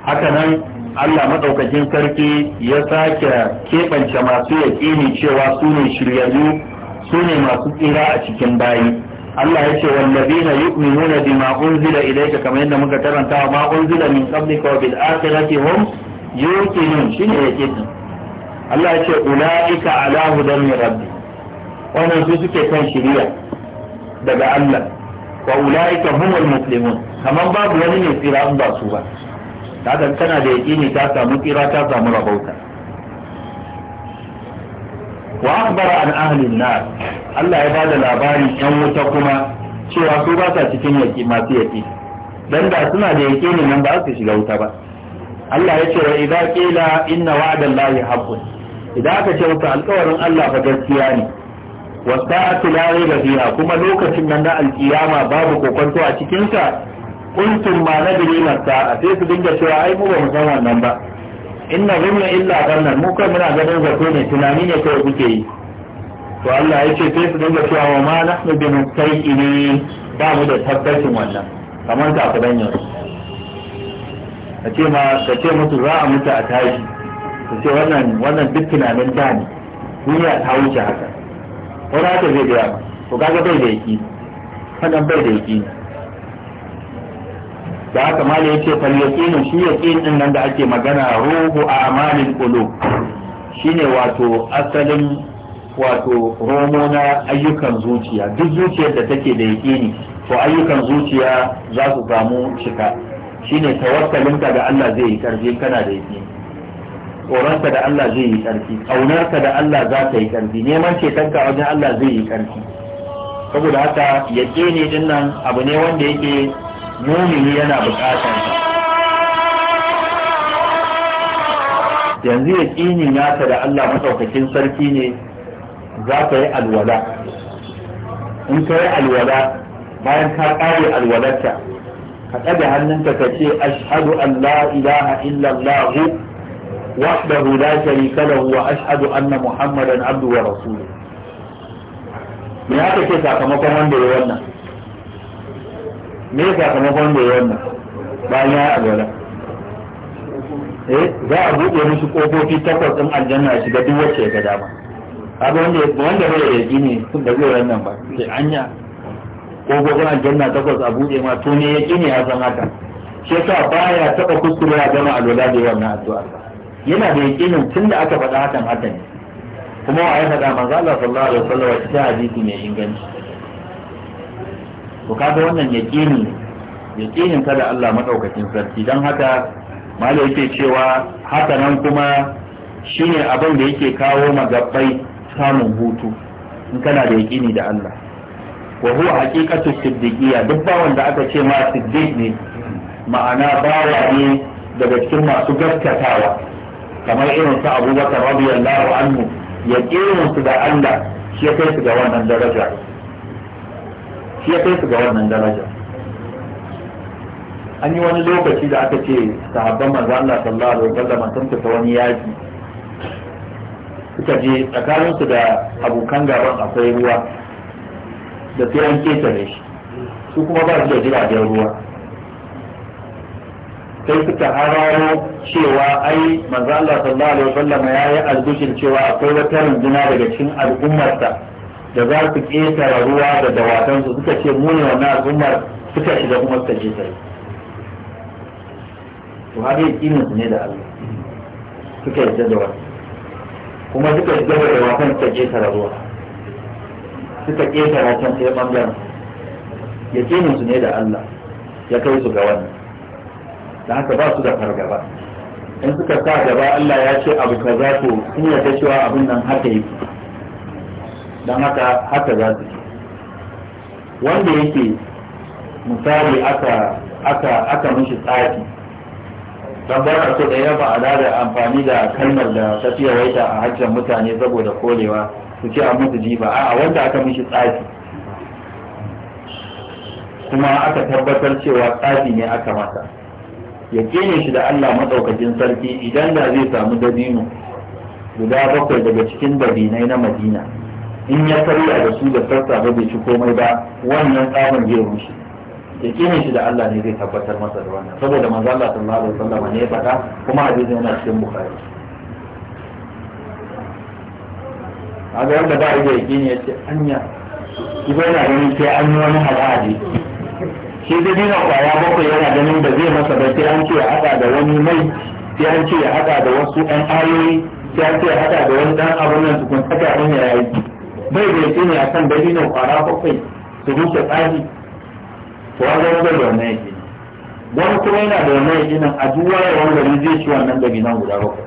haka nan Allah maɗaukakin sarki ya sake keɓance masu yaƙini cewa su ne shiryayyu su ne masu tsira a cikin bayi Allah ya ce wallazina yu'minuna bima unzila ilayka kamar yadda muka karanta wa ma unzila min qablika wa bil akhirati hum yuqinun shine yaqin Allah ya ce ulaika ala hudan min rabbi wannan su suke kan shirya daga Allah wa ulaika humul muslimun kamar babu wani ne tsira an ba su ba kaga kana da yaqini ta samu tsira ta samu rabauta wa akhbara an ahli nar Allah ya bada labarin yan wuta kuma cewa su ba sa cikin yaki masu yaki dan da suna da yaqini nan ba su shiga wuta ba Allah ya ce wa idza qila inna wa'da Allahi haqqun idan aka ce wuta alƙawarin Allah fa gaskiya ne wasa'atu la da fiha kuma lokacin nan na alkiyama babu kokonto a cikin sa kuntum ma nadri ma a sai su dinga cewa ai mu ba mu san wannan ba inna zunna illa ghanna mu kai muna ganin zato ne tunani ne kawai kuke yi to Allah ya ce sai su dinga cewa wa ma nahnu bi mustaqini ba mu da tabbacin wannan kamar ta ku yau ka ce ma ka ce za a mutu a tashi ka ce wannan wannan duk tunanin da ne duniya ta wuce haka wani haka zai gaya to kaga bai da yaki hakan bai da yaki da haka mala yace fal shi yaqin din nan da ake magana ruhu amalin qulub shine wato asalin wato romo na ayyukan zuciya duk zuciyar da take da yaqini to ayyukan zuciya za su samu shika shine tawakkalinka ga Allah zai yi karfi kana da yaqini tsoronka da Allah zai yi ƙarfi ƙaunarka da Allah za ta yi ƙarfi neman cetonka wajen Allah zai yi ƙarfi saboda haka ya ne din nan abu ne wanda yake mumini yana buƙatar yanzu ya ƙini naka da Allah maɗaukakin sarki ne za ka yi alwala in ka yi alwala bayan ka ƙare alwalarta ka ɗaga hannunka ka ce ashadu an la ilaha illallah وحده لا شريك له وأشهد أن محمدا عبده ورسوله me aka ce sakamakon wanda ya wannan me sakamakon wanda ya wannan bayan ya alwala eh za a buɗe mishi kofofi takwas ɗin aljanna shiga duk wacce ya ga dama abu wanda wanda bai da yaji sun da zai wannan ba sai anya kofofin aljanna takwas a buɗe ma to ne ya ne ya san haka shi yasa baya taɓa kuskure a gama alwala da wannan addu'a yana da yakinin tun da aka faɗa hakan haka ne kuma wa ya faɗa manzo Allah sallallahu alaihi wasallam wata ta hadisi mai inganci to kaga wannan yakini yaƙinin kada Allah madaukakin sarki dan haka malai yake cewa haka nan kuma shine abin da yake kawo magabbai samun hutu in kana da yakini da Allah wa huwa haqiqatu siddiqiyya duk ba da aka ce ma siddiq ne ma'ana bawa ne daga cikin masu gaskatawa kamar irin su abubakar radiyallahu anhu ya kirin su da Allah shi ya kai su ga wannan daraja shi ya kai su ga wannan daraja an yi wani lokaci da aka ce sahabban manzo Allah sallallahu alaihi wasallam sun fita wani yaki suka je tsakanin su da abokan gaban akwai ruwa da sai an ketare shi su kuma ba su da jiragen ruwa sai suka hararo cewa ai manzo Allah sallallahu alaihi wasallam ya yi albishin cewa akwai wata runduna daga cikin al'ummarsa da za su ƙetare ruwa da su suka ce muni ne al'ummar suka shiga kuma suka sai to haka yakinin su ne da Allah suka yi da kuma suka shiga da dawatan suka ƙetare ruwa suka ƙetare can sai bangaren yakinin su ne da Allah ya kai su ga wannan da haka ba su da fargaba in suka sa gaba Allah ya ce abu ka za ku sun yarda cewa abin nan haka yake don haka haka za su wanda yake misali aka aka aka mishi tsaki don ba so da yaba a da amfani da kalmar da ta fiye waita a hajjar mutane saboda kolewa su ce a musu jifa a wanda aka mishi tsaki kuma aka tabbatar cewa tsafi ne aka masa ya kene shi da Allah madaukakin sarki idan da zai samu dabino guda bakwai daga cikin dabinai na Madina in ya karya da su da sassafe bai ci komai ba wannan tsamin zai rushe kene shi da Allah ne zai tabbatar masa da wannan saboda manzo Allah sallallahu alaihi wasallam ne ya faɗa kuma hadisi yana cikin bukhari a ga wanda ba ya ne ya ce anya idan yana ganin sai an yi wani hada shi dina kwaya bakwai yana ganin ba zai masa ba sai an ce ya haɗa da wani mai sai an ce ya haɗa da wasu ɗan ayoyi sai an ce ya haɗa da wani ɗan abun nan tukun saka ɗan ya yi bai da shi ne a kan dina kwara bakwai su rushe tsari to an zama da wannan yake wani kuma yana da wannan yake nan a duk wani gari zai ci wannan nan guda bakwai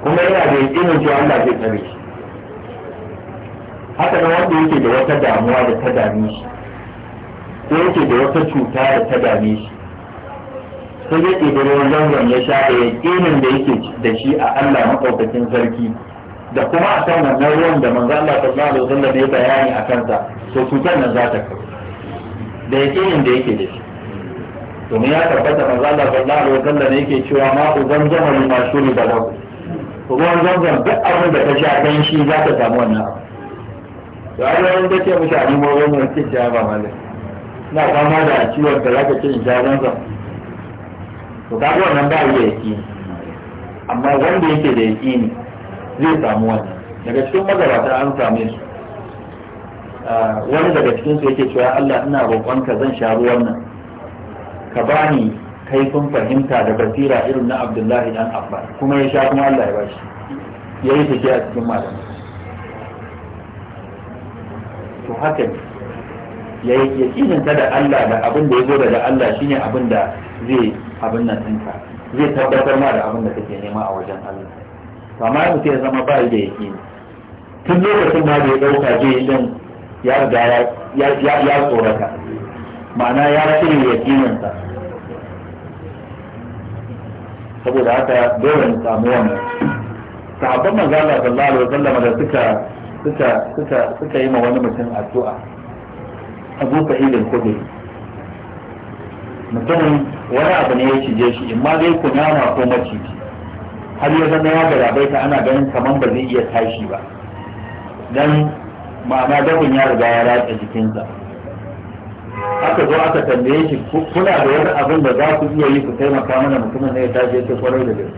kuma yana da nan cewa Allah zai tsare shi haka nan wanda yake da wata damuwa da ta dame shi ko yake da wata cuta da ta dame shi sai ya ke da ya sha da yaƙinin da yake da shi a Allah maɗaukakin sarki da kuma a kan wannan ruwan da manzo Allah sallallahu alaihi da ya bayani a kansa to cutar nan za ta kai da yaƙinin da yake da shi domin ya tabbata manzo Allah da alaihi da yake cewa ma uban zamani ma shuri da lahu ruwan Zanzan duk abin da ta sha dan shi za ta samu wannan abu da ayyukan da ke mutane wani wani kidda jama'a malai na fama da ciwon da zaka ce in sha zanzan to kaga wannan ba iya yaki amma wanda yake da yaki ne zai samu wannan daga cikin magabata an same su ah, wani daga cikin su yake cewa Allah ina roƙonka zan sha ruwan nan ka bani kaifin fahimta da basira irin na Abdullahi dan Abba kuma ya sha kuma Allah ya bashi yayi take a cikin malamai to haka ne ya ta da Allah da abin da ya zo daga Allah shine abin da zai abin nan tinka zai tabbatar ma da abin da kake nema a wajen Allah amma ya mutu ya zama ba da yakini tun lokacin ma da ya dauka je din ya riga ya tsorata ma'ana ya yakinin yakininsa saboda haka dole mu samu wannan sahabban manzo Allah sallallahu alaihi wasallam da suka suka suka yi ma wani mutum addu'a abu ka al-khudri mutumin wani abu ne ya cije shi in ma zai kunama ko maciji har ya zama ya ta ana ganin kamar ba zai iya tashi ba don ma'ana dabin ya riga ya ratsa jikinsa aka zo aka tambaye shi kuna da wani abin da za ku iya yi ku taimaka mana mutumin ne ya tashi ya ce da gaske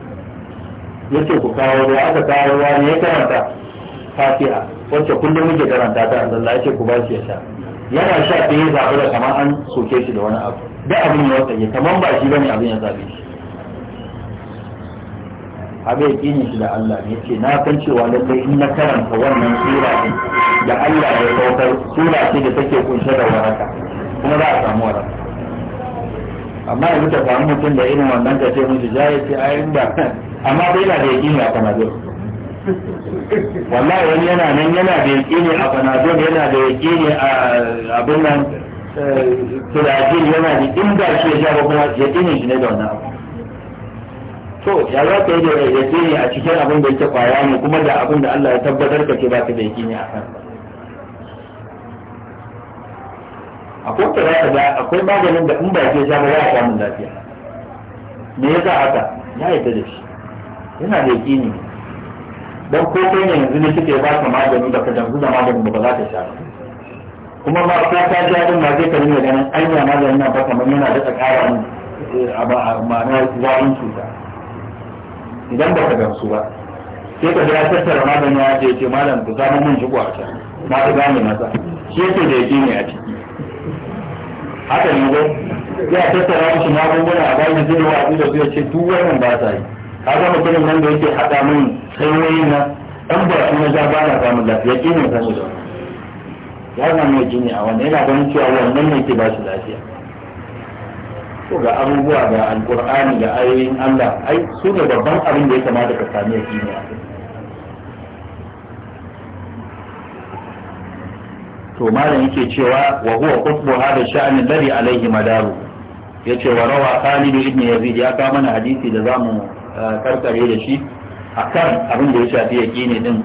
ya ce ku kawo ruwa aka kawo ruwa ne ya karanta fatiha wacce kullum muke karanta ta Allah ya ce ku ba shi ya sha yana sha ɗaya zaɓe da kamar an soke shi da wani abu da abin ya watsa kamar ba shi bane abin ya zaɓe shi abu ya ƙini shi da Allah ne ce na san cewa lallai in na karanta wannan sura ne da Allah ya saukar sura ce da take kunshe da waraka kuma za a samu waraka amma yanzu ta samu mutum da irin wannan ka ce musu ya ce ayin ba amma bai na da yaƙini a kanadar wallahi wani yana nan yana da yake ne a banadon yana da yake ne a abin nan tulajin eh, yana da inda shi ya sha kuma ya ne shi ne da wannan abu to ya za ka yi da yake ne a cikin abin da yake kwaya ne kuma da abin da Allah ya tabbatar ka ce ba ka da yake ne a kan? akwai ta za ga akwai maganin da in ba ke sha ba za a samun lafiya me yasa haka ya yi ta da shi yana da yake ne don ko kai ne yanzu kike ba ka magani baka damzu da magani ba za ka sha kuma ba ka ta ji abin ma zai ka rinka ganin anya maganin nan ba kamar yana da tsakara ne eh, a ma'ana zaɓin cuta idan ba ka gamsu ba sai ka ya tattara maganin ya ce ce malam ku zama mun shigo a can na ku gane masa shi yake da yake ne a ciki haka ne ko ya tattara shi magunguna a bayan zai watsi da zai ce duk wannan ba sa yi ka ga mutumin nan da yake haɗa min sai sanyoyin nan ɗan ba shi na ja ba na samun lafiya ƙi ne samu da ya zama mai jini a wannan yana ganin cewa wannan ne ke ba shi lafiya to ga abubuwa da alƙur'ani da ayoyin Allah ai su ne babban abin da ya kamata ka sami ya ƙi to malam yake cewa wa huwa qutbu hada sha'an alladhi alayhi madaru yace wa rawa Khalid ibn Yazid ya ka mana hadisi da zamu karkare da shi a kan abin da ya shafi ne din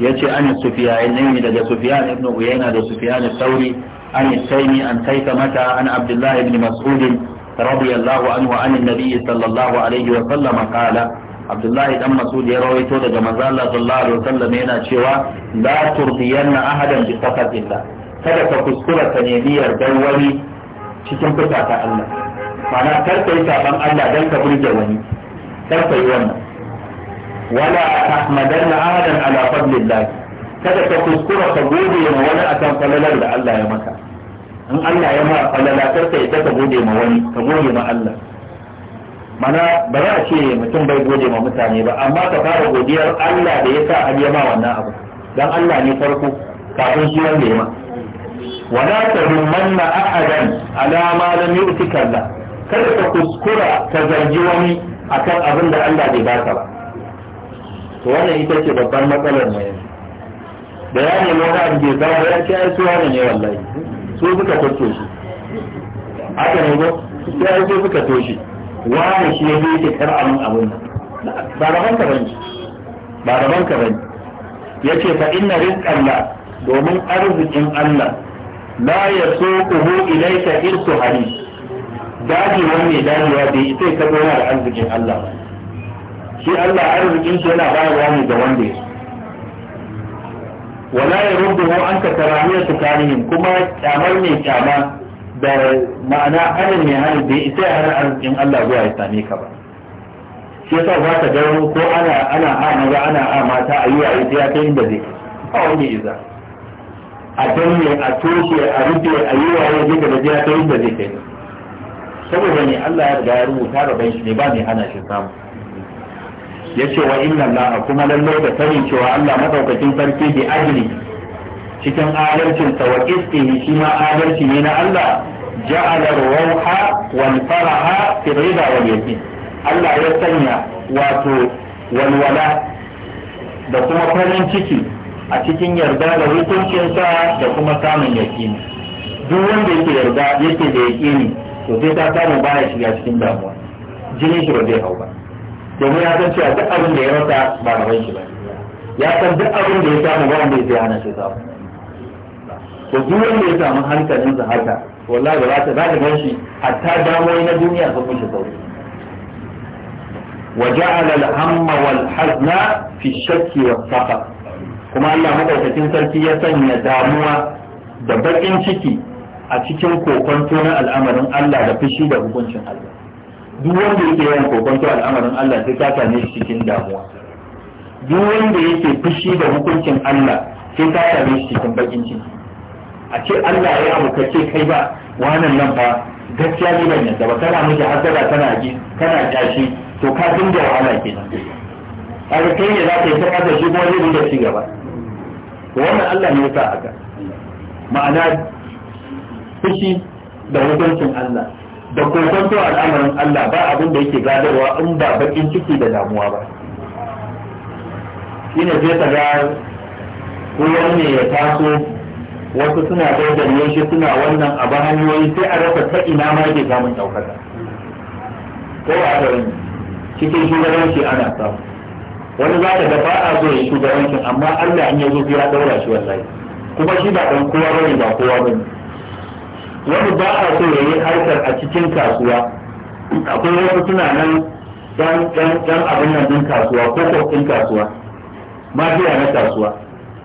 ya yace an sufiyan ne daga sufiyan ibn uyayna da sufiyan sauri an saymi an taika mata an abdullahi ibn mas'ud radiyallahu anhu an annabi sallallahu alaihi wa sallam qala abdullahi dan mas'ud ya rawaito daga manzo Allah sallallahu alaihi wa sallam yana cewa la turdiyanna ahadan bi sakatillah kada ka kuskura ka nemi yardar wani cikin fusata Allah ma'ana kar ka yi saban Allah dan ka burge wani kar ka yi wannan wala tahmadanna ahadan ala fadlillah kada ka kuskura ka gode ma wani akan falalar da Allah ya maka in Allah ya ma falala kar ka ita ka gode ma wani ka gode ma Allah mana ba za a ce mutum bai gode ma mutane ba amma ka fara godiyar Allah da ya sa an ma wannan abu dan Allah ne farko kafin shi wanda ya ma wala tarumanna ahadan ala ma lam yu'tika Allah kada ka kuskura ka zargi wani akan abin da Allah bai baka ba to wannan ita ce babban matsalar mu yanzu da ya ne wani an bai zama ba ya ce ai su wani ne wallahi su suka toshe shi aka ne ba sai ai su suka toshe wani shi ya bi yake kar amin abin nan ba da banka bane ba da banka bane yace fa inna rizqalla domin arzikin Allah la yasuquhu ilayka irsu hadith dajewa mai dajewa da ya sai kado yana da arzikin Allah shi Allah arzikin shi yana bayarwa ne ga wanda ya wala ya rubu ko an ka karamiya tukanihim kuma kyamar mai kyama da ma'ana hannun mai hannun da ya isa ya arzikin Allah zuwa ya same ka ba shi yasa za ka gano ko ana ana a maza ana a mata a yi waye sai ya kai inda zai a wani iza a danne a toshe a rufe a yi waye zai ka da ya kai inda zai kai saboda ne Allah ya riga ya rubuta da shi ne ba mai hana shi samu ce wa inna Allah kuma lalle da sani cewa Allah madaukakin sarki bi ajli cikin adalcin sa wa qistihi shi ma adalci ne na Allah ja'ala ruha wal faraha fi rida wal yaqin Allah ya sanya wato walwala da kuma farin ciki a cikin yarda da hukuncinsa da kuma samun yaqini duk wanda yake yarda yake da yaqini to sai ta samu baya shiga cikin damuwa jinin shi ba zai hau ba domin ya san cewa duk abin da ya rasa ba gaban shi ba ya san duk abin da ya samu ba wanda ya hana shi samu to duk wanda ya samu hankalin sa haka wallahi ba za ta za ta shi hatta damuwoyi na duniya sun mishi sauki وجعل الهم والحزن في الشك والسفر kuma Allah madaukakin sarki ya sanya damuwa da bakin ciki a cikin kokonto na al'amarin Allah da fushi da hukuncin Allah duk wanda yake yawan kokonto al'amarin Allah sai ka same shi cikin damuwa duk wanda yake fushi da hukuncin Allah sai ka same shi cikin bakin ciki a ce Allah ya abu ka ce kai ba wannan nan fa gaskiya ne ban yadda ba kana miji hasara kana ji kana tashi to ka dinga wahala kenan kaga kai ne za ka yi ta kasa shi kuma zai da ci gaba wannan Allah ne ya sa haka ma'ana fushi da hukuncin Allah da kokonto al'amarin Allah ba abin da yake gadarwa in ba bakin ciki da damuwa ba shine je ta ga kowanne ne ya taso wasu suna da daidaiye shi suna wannan abu hanyoyi sai a rasa ta ina ma yake samun ɗaukaka ko a garin cikin shugabanci ana samu wani za ka ga ba a zo ya shugabancin amma Allah in ya zo ya daura shi wallahi kuma shi ba dan kowa bane ba kowa bane wani ba a so ya yi harkar a cikin kasuwa akwai wasu suna nan yan abin nan din kasuwa ko kokin kasuwa mafiya na kasuwa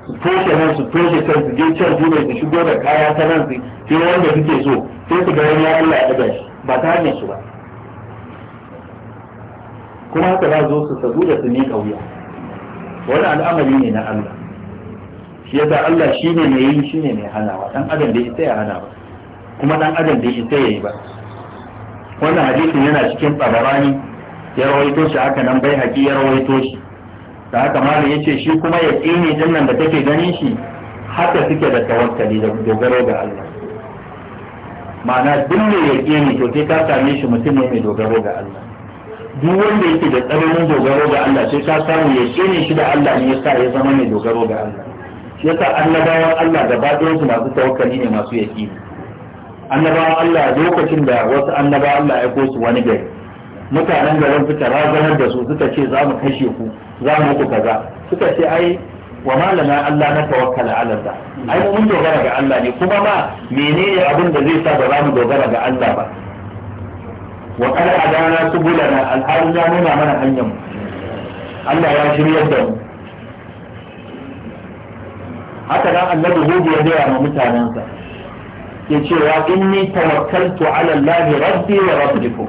su toshe nan su toshe kan su je can dole su shigo da kaya ta nan su ke wanda suke so sai su ga wani ya Allah ya daga shi ba ta hanyar su ba kuma haka za zo su sadu da su ne kauya wani al'amari ne na Allah shi yasa Allah shine mai yi shine mai hanawa dan adam bai sai ya hana ba kuma dan adam bai isa yayi ba wannan hadisin yana cikin tsabarani ya rawaito shi haka nan bai haƙi ya rawaito shi da haka malam yace shi kuma ya tsini din nan da take ganin shi haka suke da tawakkali da dogaro ga Allah ma'ana duk mai ya tsini to sai ka same shi mutum ne mai dogaro ga Allah duk wanda yake da tsananin dogaro ga Allah sai ka samu ya tsini shi da Allah ne yasa ya zama mai dogaro ga Allah shi yasa annabawan Allah gaba ɗayan su masu tawakkali ne masu yaƙini annabawan Allah lokacin da wasu annabawan Allah ya su wani gari mutanen garin suka razanar da su suka ce za mu kashe ku za mu ku kaza suka ce ai wa malama Allah na tawakkala ala Allah ai mun dogara ga Allah ne kuma ma menene abin da zai sa ba za mu dogara ga Allah ba wa qad adana subulana al ya nuna mana hanyar mu Allah ya shiryar da mu haka nan annabi hudu ya gaya mutanensa ce cewa inni tawakkaltu ala allahi rabbi wa rabbikum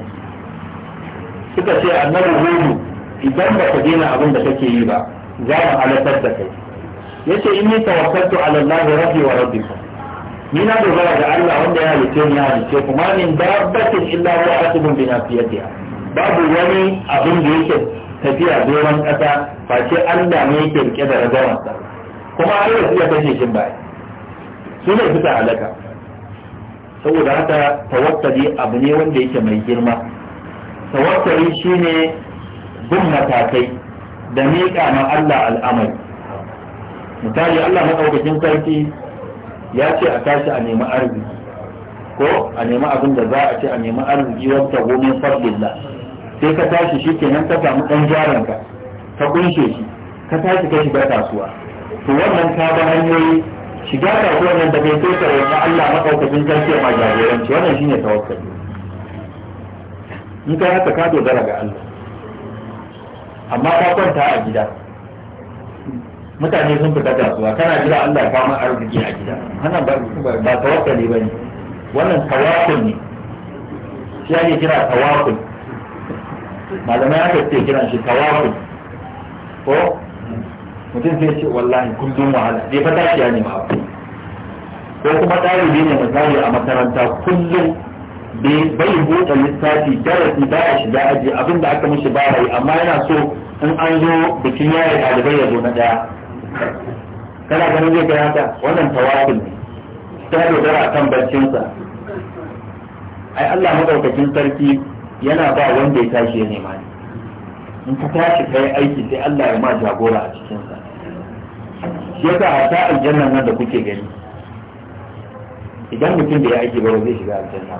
suka ce annabi hudu idan ba ka daina abin da kake yi ba za mu halakar da kai Ya ce inni tawakkaltu ala allahi rabbi wa rabbikum ni na dogara ga Allah wanda ya halice ni ya halice kuma min dabbatin illa wa atibun bi nafiyatiha babu wani abin da yake tafiya doron kasa face Allah ne yake rike da sa. kuma har yanzu ya kashe shi bai su ne suka halaka saboda haka tawakkali abu ne wanda yake mai girma tawakkali shine bin matakai da miƙa ma Allah al'amari misali Allah maɗaukakin sarki ya ce a tashi a nemi arziki ko a nemi abin da za a ce a nemi arziki wata gomin fardilla sai ka tashi shi kenan ka samu ɗan jaranka ka kunshe shi ka tashi ka shiga kasuwa to wannan ka ba hanyoyi shiga kasuwar nan da kai sai ka roƙi Allah maɗaukakin sarki ma jagoranci wannan shine tawakkali in ka haka ka dogara ga Allah amma ka kwanta a gida mutane sun fita kasuwa kana jira Allah ya ma arziki a gida wannan ba tawakkali bane wannan tawakkul ne shi ake kira tawakkul malamai aka ce kiran shi tawakkul ko mutum sai ce wallahi kullum wahala bai fa tashi ya nema abu ko kuma ɗalibi ne misali a makaranta kullum bai buɗe lissafi darasi ba ya shiga aji abin da aka mishi ba yi amma yana so in an zo bikin yaya ɗalibai ya zo na ɗaya kana ganin zai ga haka wannan tawafin ta dogara a kan barcinsa ai Allah madaukakin sarki yana ba wanda ya tashi ya nema ne in ka tashi kai aiki sai Allah ya ma jagora a cikinsa shi yasa hata aljanna nan da kuke gani idan mutum da ya aiki ba zai shiga aljanna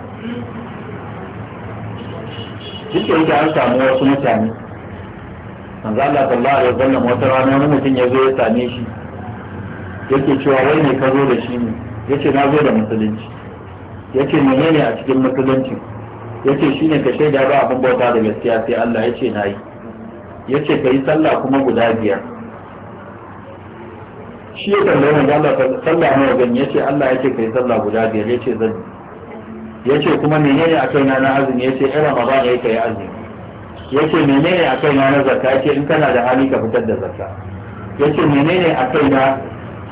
duk da yake an samu wasu mutane an Allah sallallahu alaihi wasallam wata rana wani mutum ya zo ya same shi yake cewa wai ne ka zo da shi ne yace na zo da musulunci yace menene a cikin musulunci yace shine ka shaida ba abin bauta da gaskiya sai Allah yace nayi yace kai sallah kuma guda biyar shi ya tambaye manzo Allah sallah ne wajen yace Allah yake kai sallah guda biyar yace zan yace kuma menene a kaina na azumi yace ai Ramadan yake kai azumi yace menene a kaina na zakka yace in kana da hali ka fitar da zakka yace menene a kaina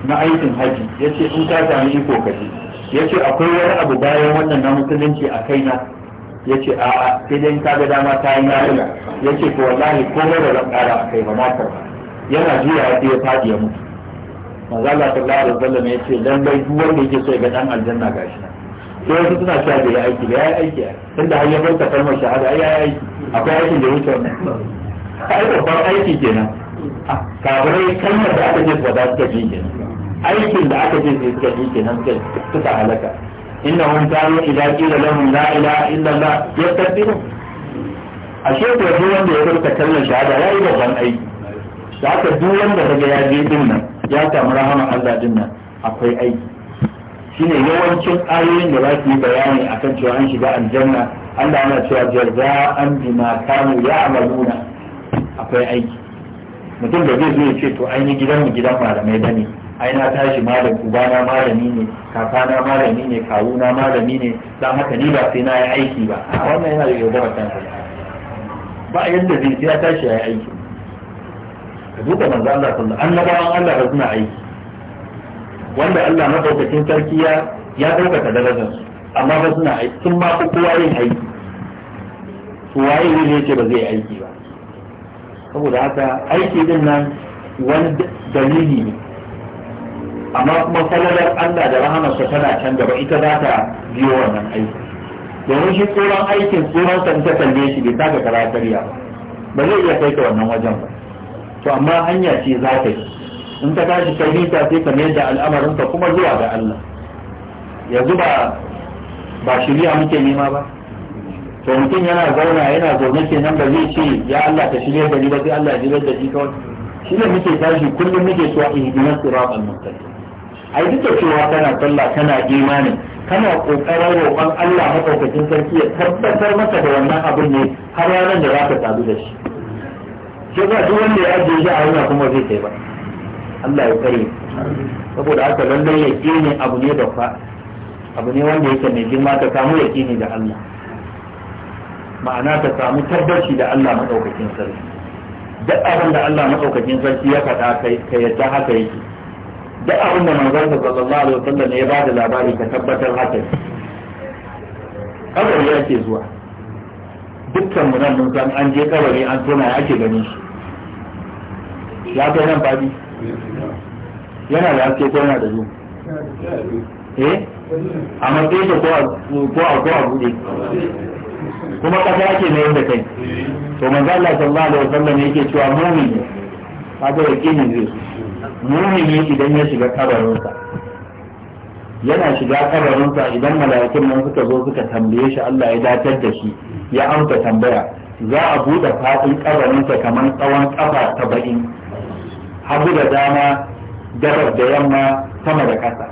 na aikin haji yace in ka sami iko ka ji yace akwai wani abu bayan wannan na musulunci a kaina yace a'a sai dai ka ga dama ta yi Ya yace to wallahi komai da zan kara a kai ba na karba yana juya ya fadi ya mutu manzo Allah sallallahu alaihi wasallam ya ce dan bai duk wanda yake so ya ga dan aljanna gashi sai wasu suna cewa bai yi aiki ya yi aiki tunda har ya bar ta kalmar shahada ya yi aiki akwai aikin da wuce wannan ai babban aiki kenan ah, kafirai kalmar da aka ce ba za su ka ji kenan aikin da aka ce sai suka ji kenan suka halaka إنهم كانوا إذا قيل لهم لا إله إلا الله يستكبرون ashe ko duk wanda ya furta kalmar shahada ya yi babban aiki da aka duk wanda kaga ya je din nan ya samu rahama Allah din nan akwai aiki shine yawancin ayoyin da za su yi bayani akan cewa an shiga aljanna Allah yana cewa jaza'an bima kanu ya'maluna akwai aiki mutum da zai zo ya ce to an yi gidan mu gidan malamai bane ai na tashi malam na malami ne na malami ne kawu na malami ne dan haka ni ba sai na yi aiki ba wannan yana da yaudara kansa ba yadda zai ya tashi ya yi aiki ka duba manzo Allah sallallahu annabawan Allah ba suna aiki wanda Allah madaukakin sarki ya ya daukaka darajar amma ba suna aiki sun ma fi kowa yin aiki to waye ne yace ba zai aiki ba saboda haka aiki din nan wani dalili ne amma kuma falalar Allah da rahamarsa tana can gaba ita za ta biyo wannan aiki domin shi tsoron aikin tsoron sa ta kalle shi bai taka karatarya ba ba zai iya kai ka wannan wajen ba to amma hanya ce za ka yi in ka tashi kai sai ka mayar da al'amarinka kuma zuwa ga Allah yanzu ba ba shirya muke nema ba to mutum yana zauna yana zaune kenan ba zai ce ya Allah ka shirya da ni ba sai Allah ya shirya da ni kawai shi ne muke tashi kullum muke cewa ihdinas siratal mustaqim ai duk da cewa kana sallah kana imanin kana kokarin roƙon Allah madaukakin sarki ya tabbatar maka da wannan abin ne har ranar da za ka sadu da shi shi ba duk wanda ya ajiye shi a hanya kuma zai kai ba Allah ya kare saboda haka lallai ya ne abu ne da fa abu ne wanda yake mai girma ta samu ya ne da Allah ma'ana ta samu tabbaci da Allah maɗaukakin sarki duk abin da Allah maɗaukakin sarki ya faɗa kai ka yadda haka yake duk abin da manzon sa sallallahu alaihi wasallam ya bada labari ka tabbatar haka ya yake zuwa dukkan mu nan mun san an je kabari an tona ya ake ganin shi ya kai nan babi yana da haske ko yana da zu eh a matsayin da ko a ko a bude. kuma kasa ake mai da kai to manzo Allah sallallahu alaihi wasallam yake cewa mu'mini kaga ne zai mu'mini idan ya shiga sa yana shiga sa idan mala'ikun nan suka zo suka tambaye shi Allah ya datar da shi ya amsa tambaya za a buɗe faɗin ƙabarinsa kamar tsawon ƙafa saba'in hagu da dama gabar da yamma sama da ƙasa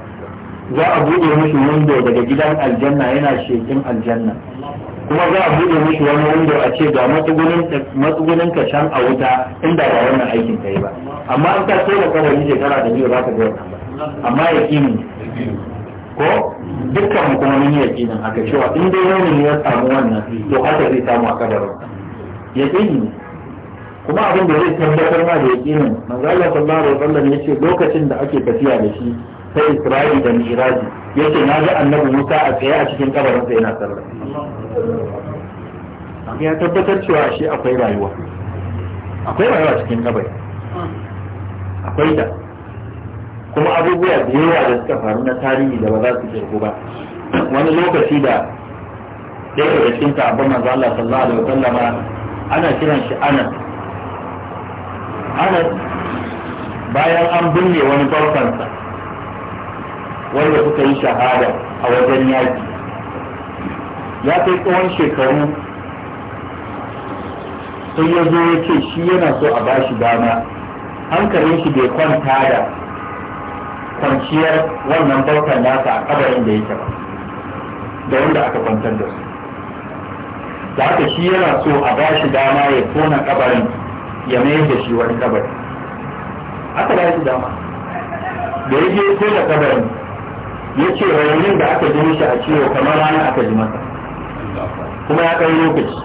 za a buɗe mishi windo daga gidan aljanna yana shekin aljanna kuma za a buɗe mishi wani windo a ce ga matsugunin ka can a wuta inda ba wannan aikin ka yi ba amma an ka so da kabari shekara da biyu za ka ga wannan ba amma ya kini ko dukkan mu kuma mun yi yakinin haka cewa in dai wani ya samu wannan to haka zai samu a kadarin yakini ne kuma abin da zai tabbatar ma da yakinin manzo Allah sallallahu alaihi wasallam yace lokacin da ake tafiya da shi ta Isra'i da Miraji yace na ga Annabi Musa a tsaye a cikin kabarin sa yana sallah ya tabbatar cewa shi akwai rayuwa akwai rayuwa cikin kabari akwai da kuma abubuwa da yawa da suka faru na tarihi da ba za su kirku ba wani lokaci da ɗaya daga cikin sahabban manzo Allah sallallahu alaihi wasallam ana kiran shi Anas Anas bayan an binne wani barkansa wanda suka yi shahada a wajen yaki ya kai tsawon shekaru sai ya zo ya ce shi yana so a bashi dama hankalin shi bai kwanta da kwanciyar wannan bautan nasa a kabarin da yake ba da wanda aka kwantar da su da haka shi yana so a ba shi dama ya tona kabarin ya mayar da shi wani kabarin aka ba shi dama da ya je tona kabarin ya ce raunin da aka ji shi a ciwo kamar rana aka ji masa kuma ya kai lokaci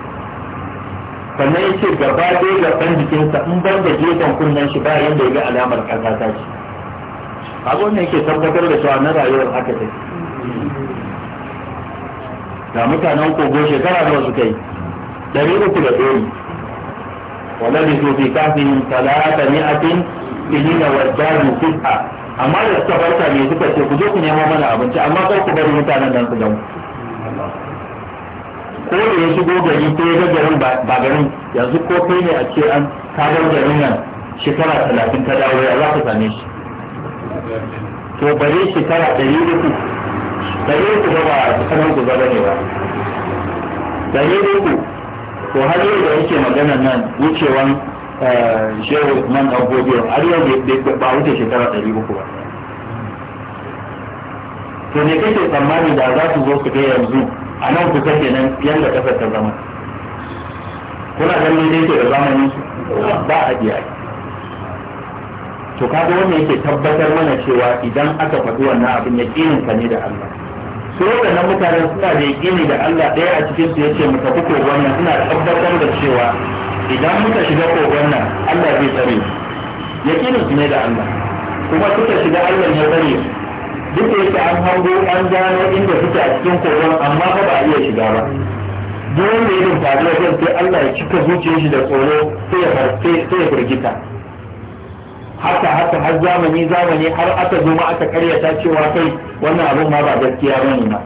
sannan ya ce gaba ɗaya gaban jikinsa in ban da gefen kunnen shi ba yadda ya ga alamar ƙasa ta ce abu ne ke tabbatar da cewa na rayuwar haka take da mutanen kogo shekara nawa su kai dari uku da ɗori wallahi su fi kafin talata ne atin ilina wajaju fita amma da suka farka ne suka ce ku zo ku nemo mana abinci amma kai ku bari mutanen nan su gamu ko da ya shigo gari ko ya garin ba garin yanzu ko kai ne a ce an kawo garin nan shekara talatin ta dawo ya za ka same shi to bare shekara ɗari uku ɗari uku ba ba sanar ku zaba ne ba ɗari uku to har yau da yake magana nan wucewan eh, shehu nan abubuwa har yau ba wuce shekara ɗari uku ba to ne kake tsammani da za su zo su ga yanzu a nan kusa kenan yadda ƙasar ta zama kuna ganin da yake da zamanin ba a biya to kaga wannan yake tabbatar mana cewa idan aka faɗi wannan abin yaƙinin ka ne da Allah su waɗannan mutanen suna da yaƙini da Allah ɗaya a cikin su yace mu tafi kogon nan suna tabbatar da cewa idan muka shiga kogon nan Allah zai tsare yaƙinin su ne da Allah kuma suka shiga Allah ya tsare duk da yake an hango an gano inda suke a cikin kogon amma ba a iya shiga ba duk wanda ya rinfa da sai Allah ya cika zuciyar shi da tsoro sai ya firgita haka haka har zamani zamani har aka zo ma aka karyata cewa kai wannan abin ma ba gaskiya bane ma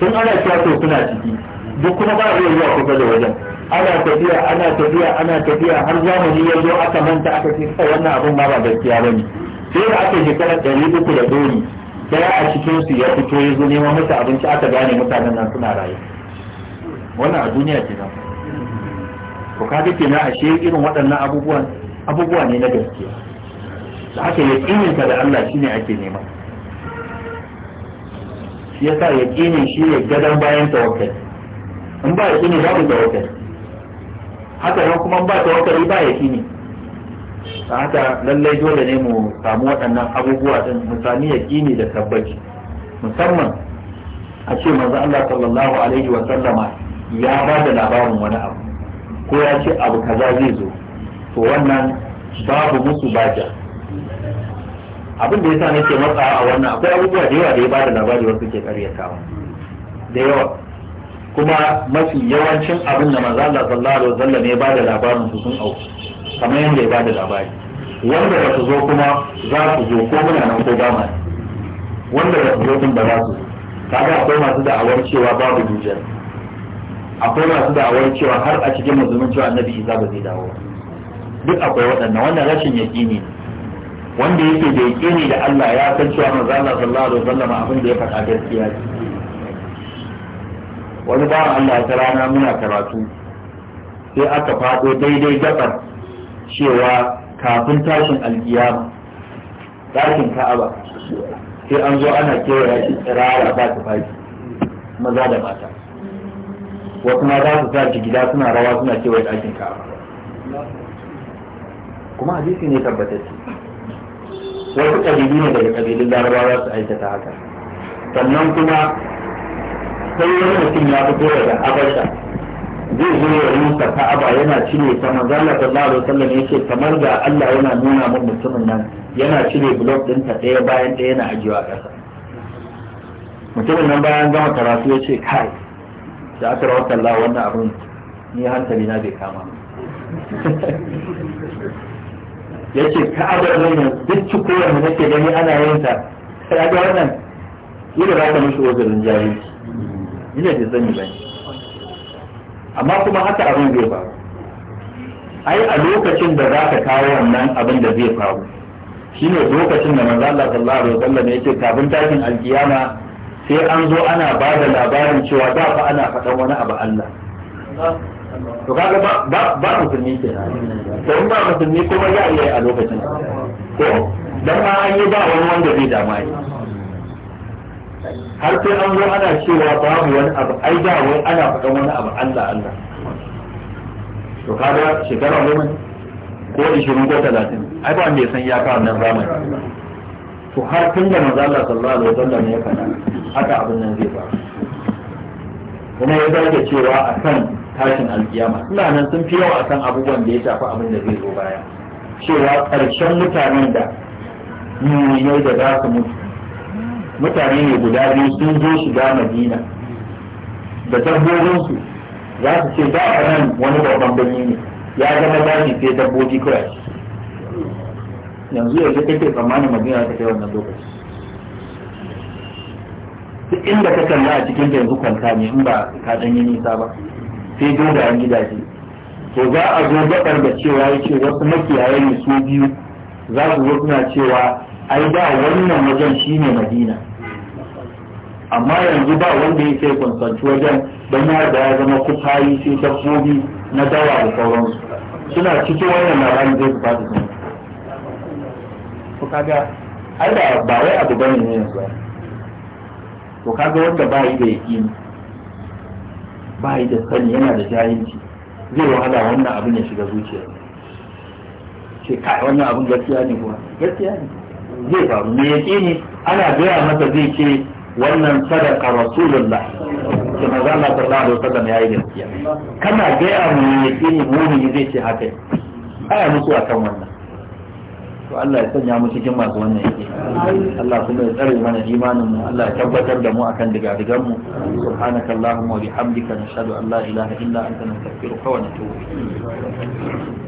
tun ana cewa to suna ciki duk kuma ba zai zuwa kusa da wajen ana tafiya ana tafiya ana tafiya har zamani ya zo aka manta aka ce kai wannan abin ma ba gaskiya ne sai da aka shekara ɗari uku da dori daya a cikin su ya fito ya zo neman musu abinci aka gane mutanen nan suna raye wannan a duniya ke nan to kaga kenan ashe irin waɗannan abubuwan abubuwa ne na gaskiya da haka yaƙinin ka da Allah shi ne ake nema shi sa yaƙinin shi ne gadon bayan tawakkal in ba yaƙini babu tawakkal haka nan kuma ba tawakkali ba yaƙini ta haka lallai dole ne mu samu waɗannan abubuwa ɗin mu sami yaƙini da tabbaci musamman a ce manzo Allah sallallahu alaihi wa sallama ya ba da labarin wani abu ko ya ce abu kaza zai zo to wannan babu musu baja abin da yasa nake matsa a wannan akwai abubuwa da yawa da ya bada labari wasu ke karyatawa da yawa kuma mafi yawancin abin da manzo Allah sallallahu alaihi wasallam ya bada labarin su sun au kamar yadda ya bada labari wanda ba su zo kuma za su zo ko muna nan ko ba ma wanda ba su zo din ba za su kaga akwai masu da'awar cewa babu dujar akwai masu da'awar cewa har a cikin muzumin cewa annabi Isa ba zai dawo duk akwai waɗannan wannan rashin yaƙini ne wanda yake da yaƙini da Allah ya san cewa manzo Allah sallallahu alaihi wasallam abin da ya faɗa gaskiya ne wani ba Allah ta rana muna karatu sai aka faɗo daidai gabar cewa kafin tashin alkiyama tashin ka'aba sai an zo ana kewaya shi tsirara ba ta faɗi maza da mata wasu ma za su tashi gida suna rawa suna kewaye ɗakin ka'aba kuma hadisi ne tabbatacce wasu kabilu ne daga kabilun za su aikata haka sannan kuma sai wani mutum ya fito daga abasha zai zo ya rusa aba yana cire ta manzala sallallahu alaihi ya ce kamar da Allah yana nuna min mutumin nan yana cire blok ɗinta ɗaya bayan ɗaya yana ajiyewa ƙasa mutumin nan bayan gama karatu ya ce kai da aka rawar wannan abin ni hankali na bai kama yace ka'abar nan duk cikowa da nake gani ana yin ta sai ga wannan yadda za ka mishi ozirin jari ina da yi ba amma kuma haka abin zai faru ai a lokacin da za ka kawo wannan abin da zai faru shine lokacin da manzo Allah sallallahu alaihi wasallam yake kafin tashin alkiyama sai an zo ana ba da labarin cewa da fa ana faɗan wani abu Allah to kaga ba ba musulmi ke to in ba musulmi kuma ya yi iya a lokacin ko dan ma an yi ba wani wanda zai dama yi har sai an zo ana cewa babu wani abu ai da wai ana faɗan wani abu Allah Allah to kaga shekara goma ko 20 ko 30 ai ba wanda san ya kawo nan zamani to har tun da manzo Allah sallallahu alaihi wasallam ya faɗa haka abin nan zai faru kuma ya zage cewa a kan tashin alkiyama suna nan sun fi yawa kan abubuwan da ya shafi abin da zai zo baya cewa ƙarshen mutanen da mummunai da za su mutu mutane ne guda biyu sun zo shiga madina da dabbobinsu za su ce za a nan wani babban birni ne ya zama daji sai dabbobi kawai yanzu yanzu kake tsammanin madina ta kai wannan lokaci duk inda ka kalla a cikin yanzu kwanta ne in ba ka ɗanyi nisa ba sai dogayen gidaje to za a zo gabar da cewa ya ce wasu makiyaye ne su biyu za su zo suna cewa ai da wannan wajen shine madina amma yanzu ba wanda ya sai kwansanci wajen don ya da ya zama kufayi sai dabbobi na dawa da sauransu suna cikin wannan labarin zai su fadi sun to kaga ai ba wai abu bane ne yanzu to kaga wanda ba yi da yaƙini ba yi da sani yana da jahilci zai wahala wannan abin ya shiga zuciya ce kai wannan abin gaskiya ne kuma gaskiya ne zai faru me yake ne ana gaya masa zai ce wannan sadaka rasulullah ce maza Allah sallallahu alaihi wasallam yayi gaskiya kana gaya mu me yake ne mu ne zai ce haka ai musu akan wannan to Allah ya sanya mu cikin masu wannan yake Allah kuma ya tsare mana imanin mu Allah ya tabbatar da mu akan diga-digan mu subhanaka allahumma wa bihamdika nashhadu an la ilaha illa anta nastaghfiruka wa natubu ilayk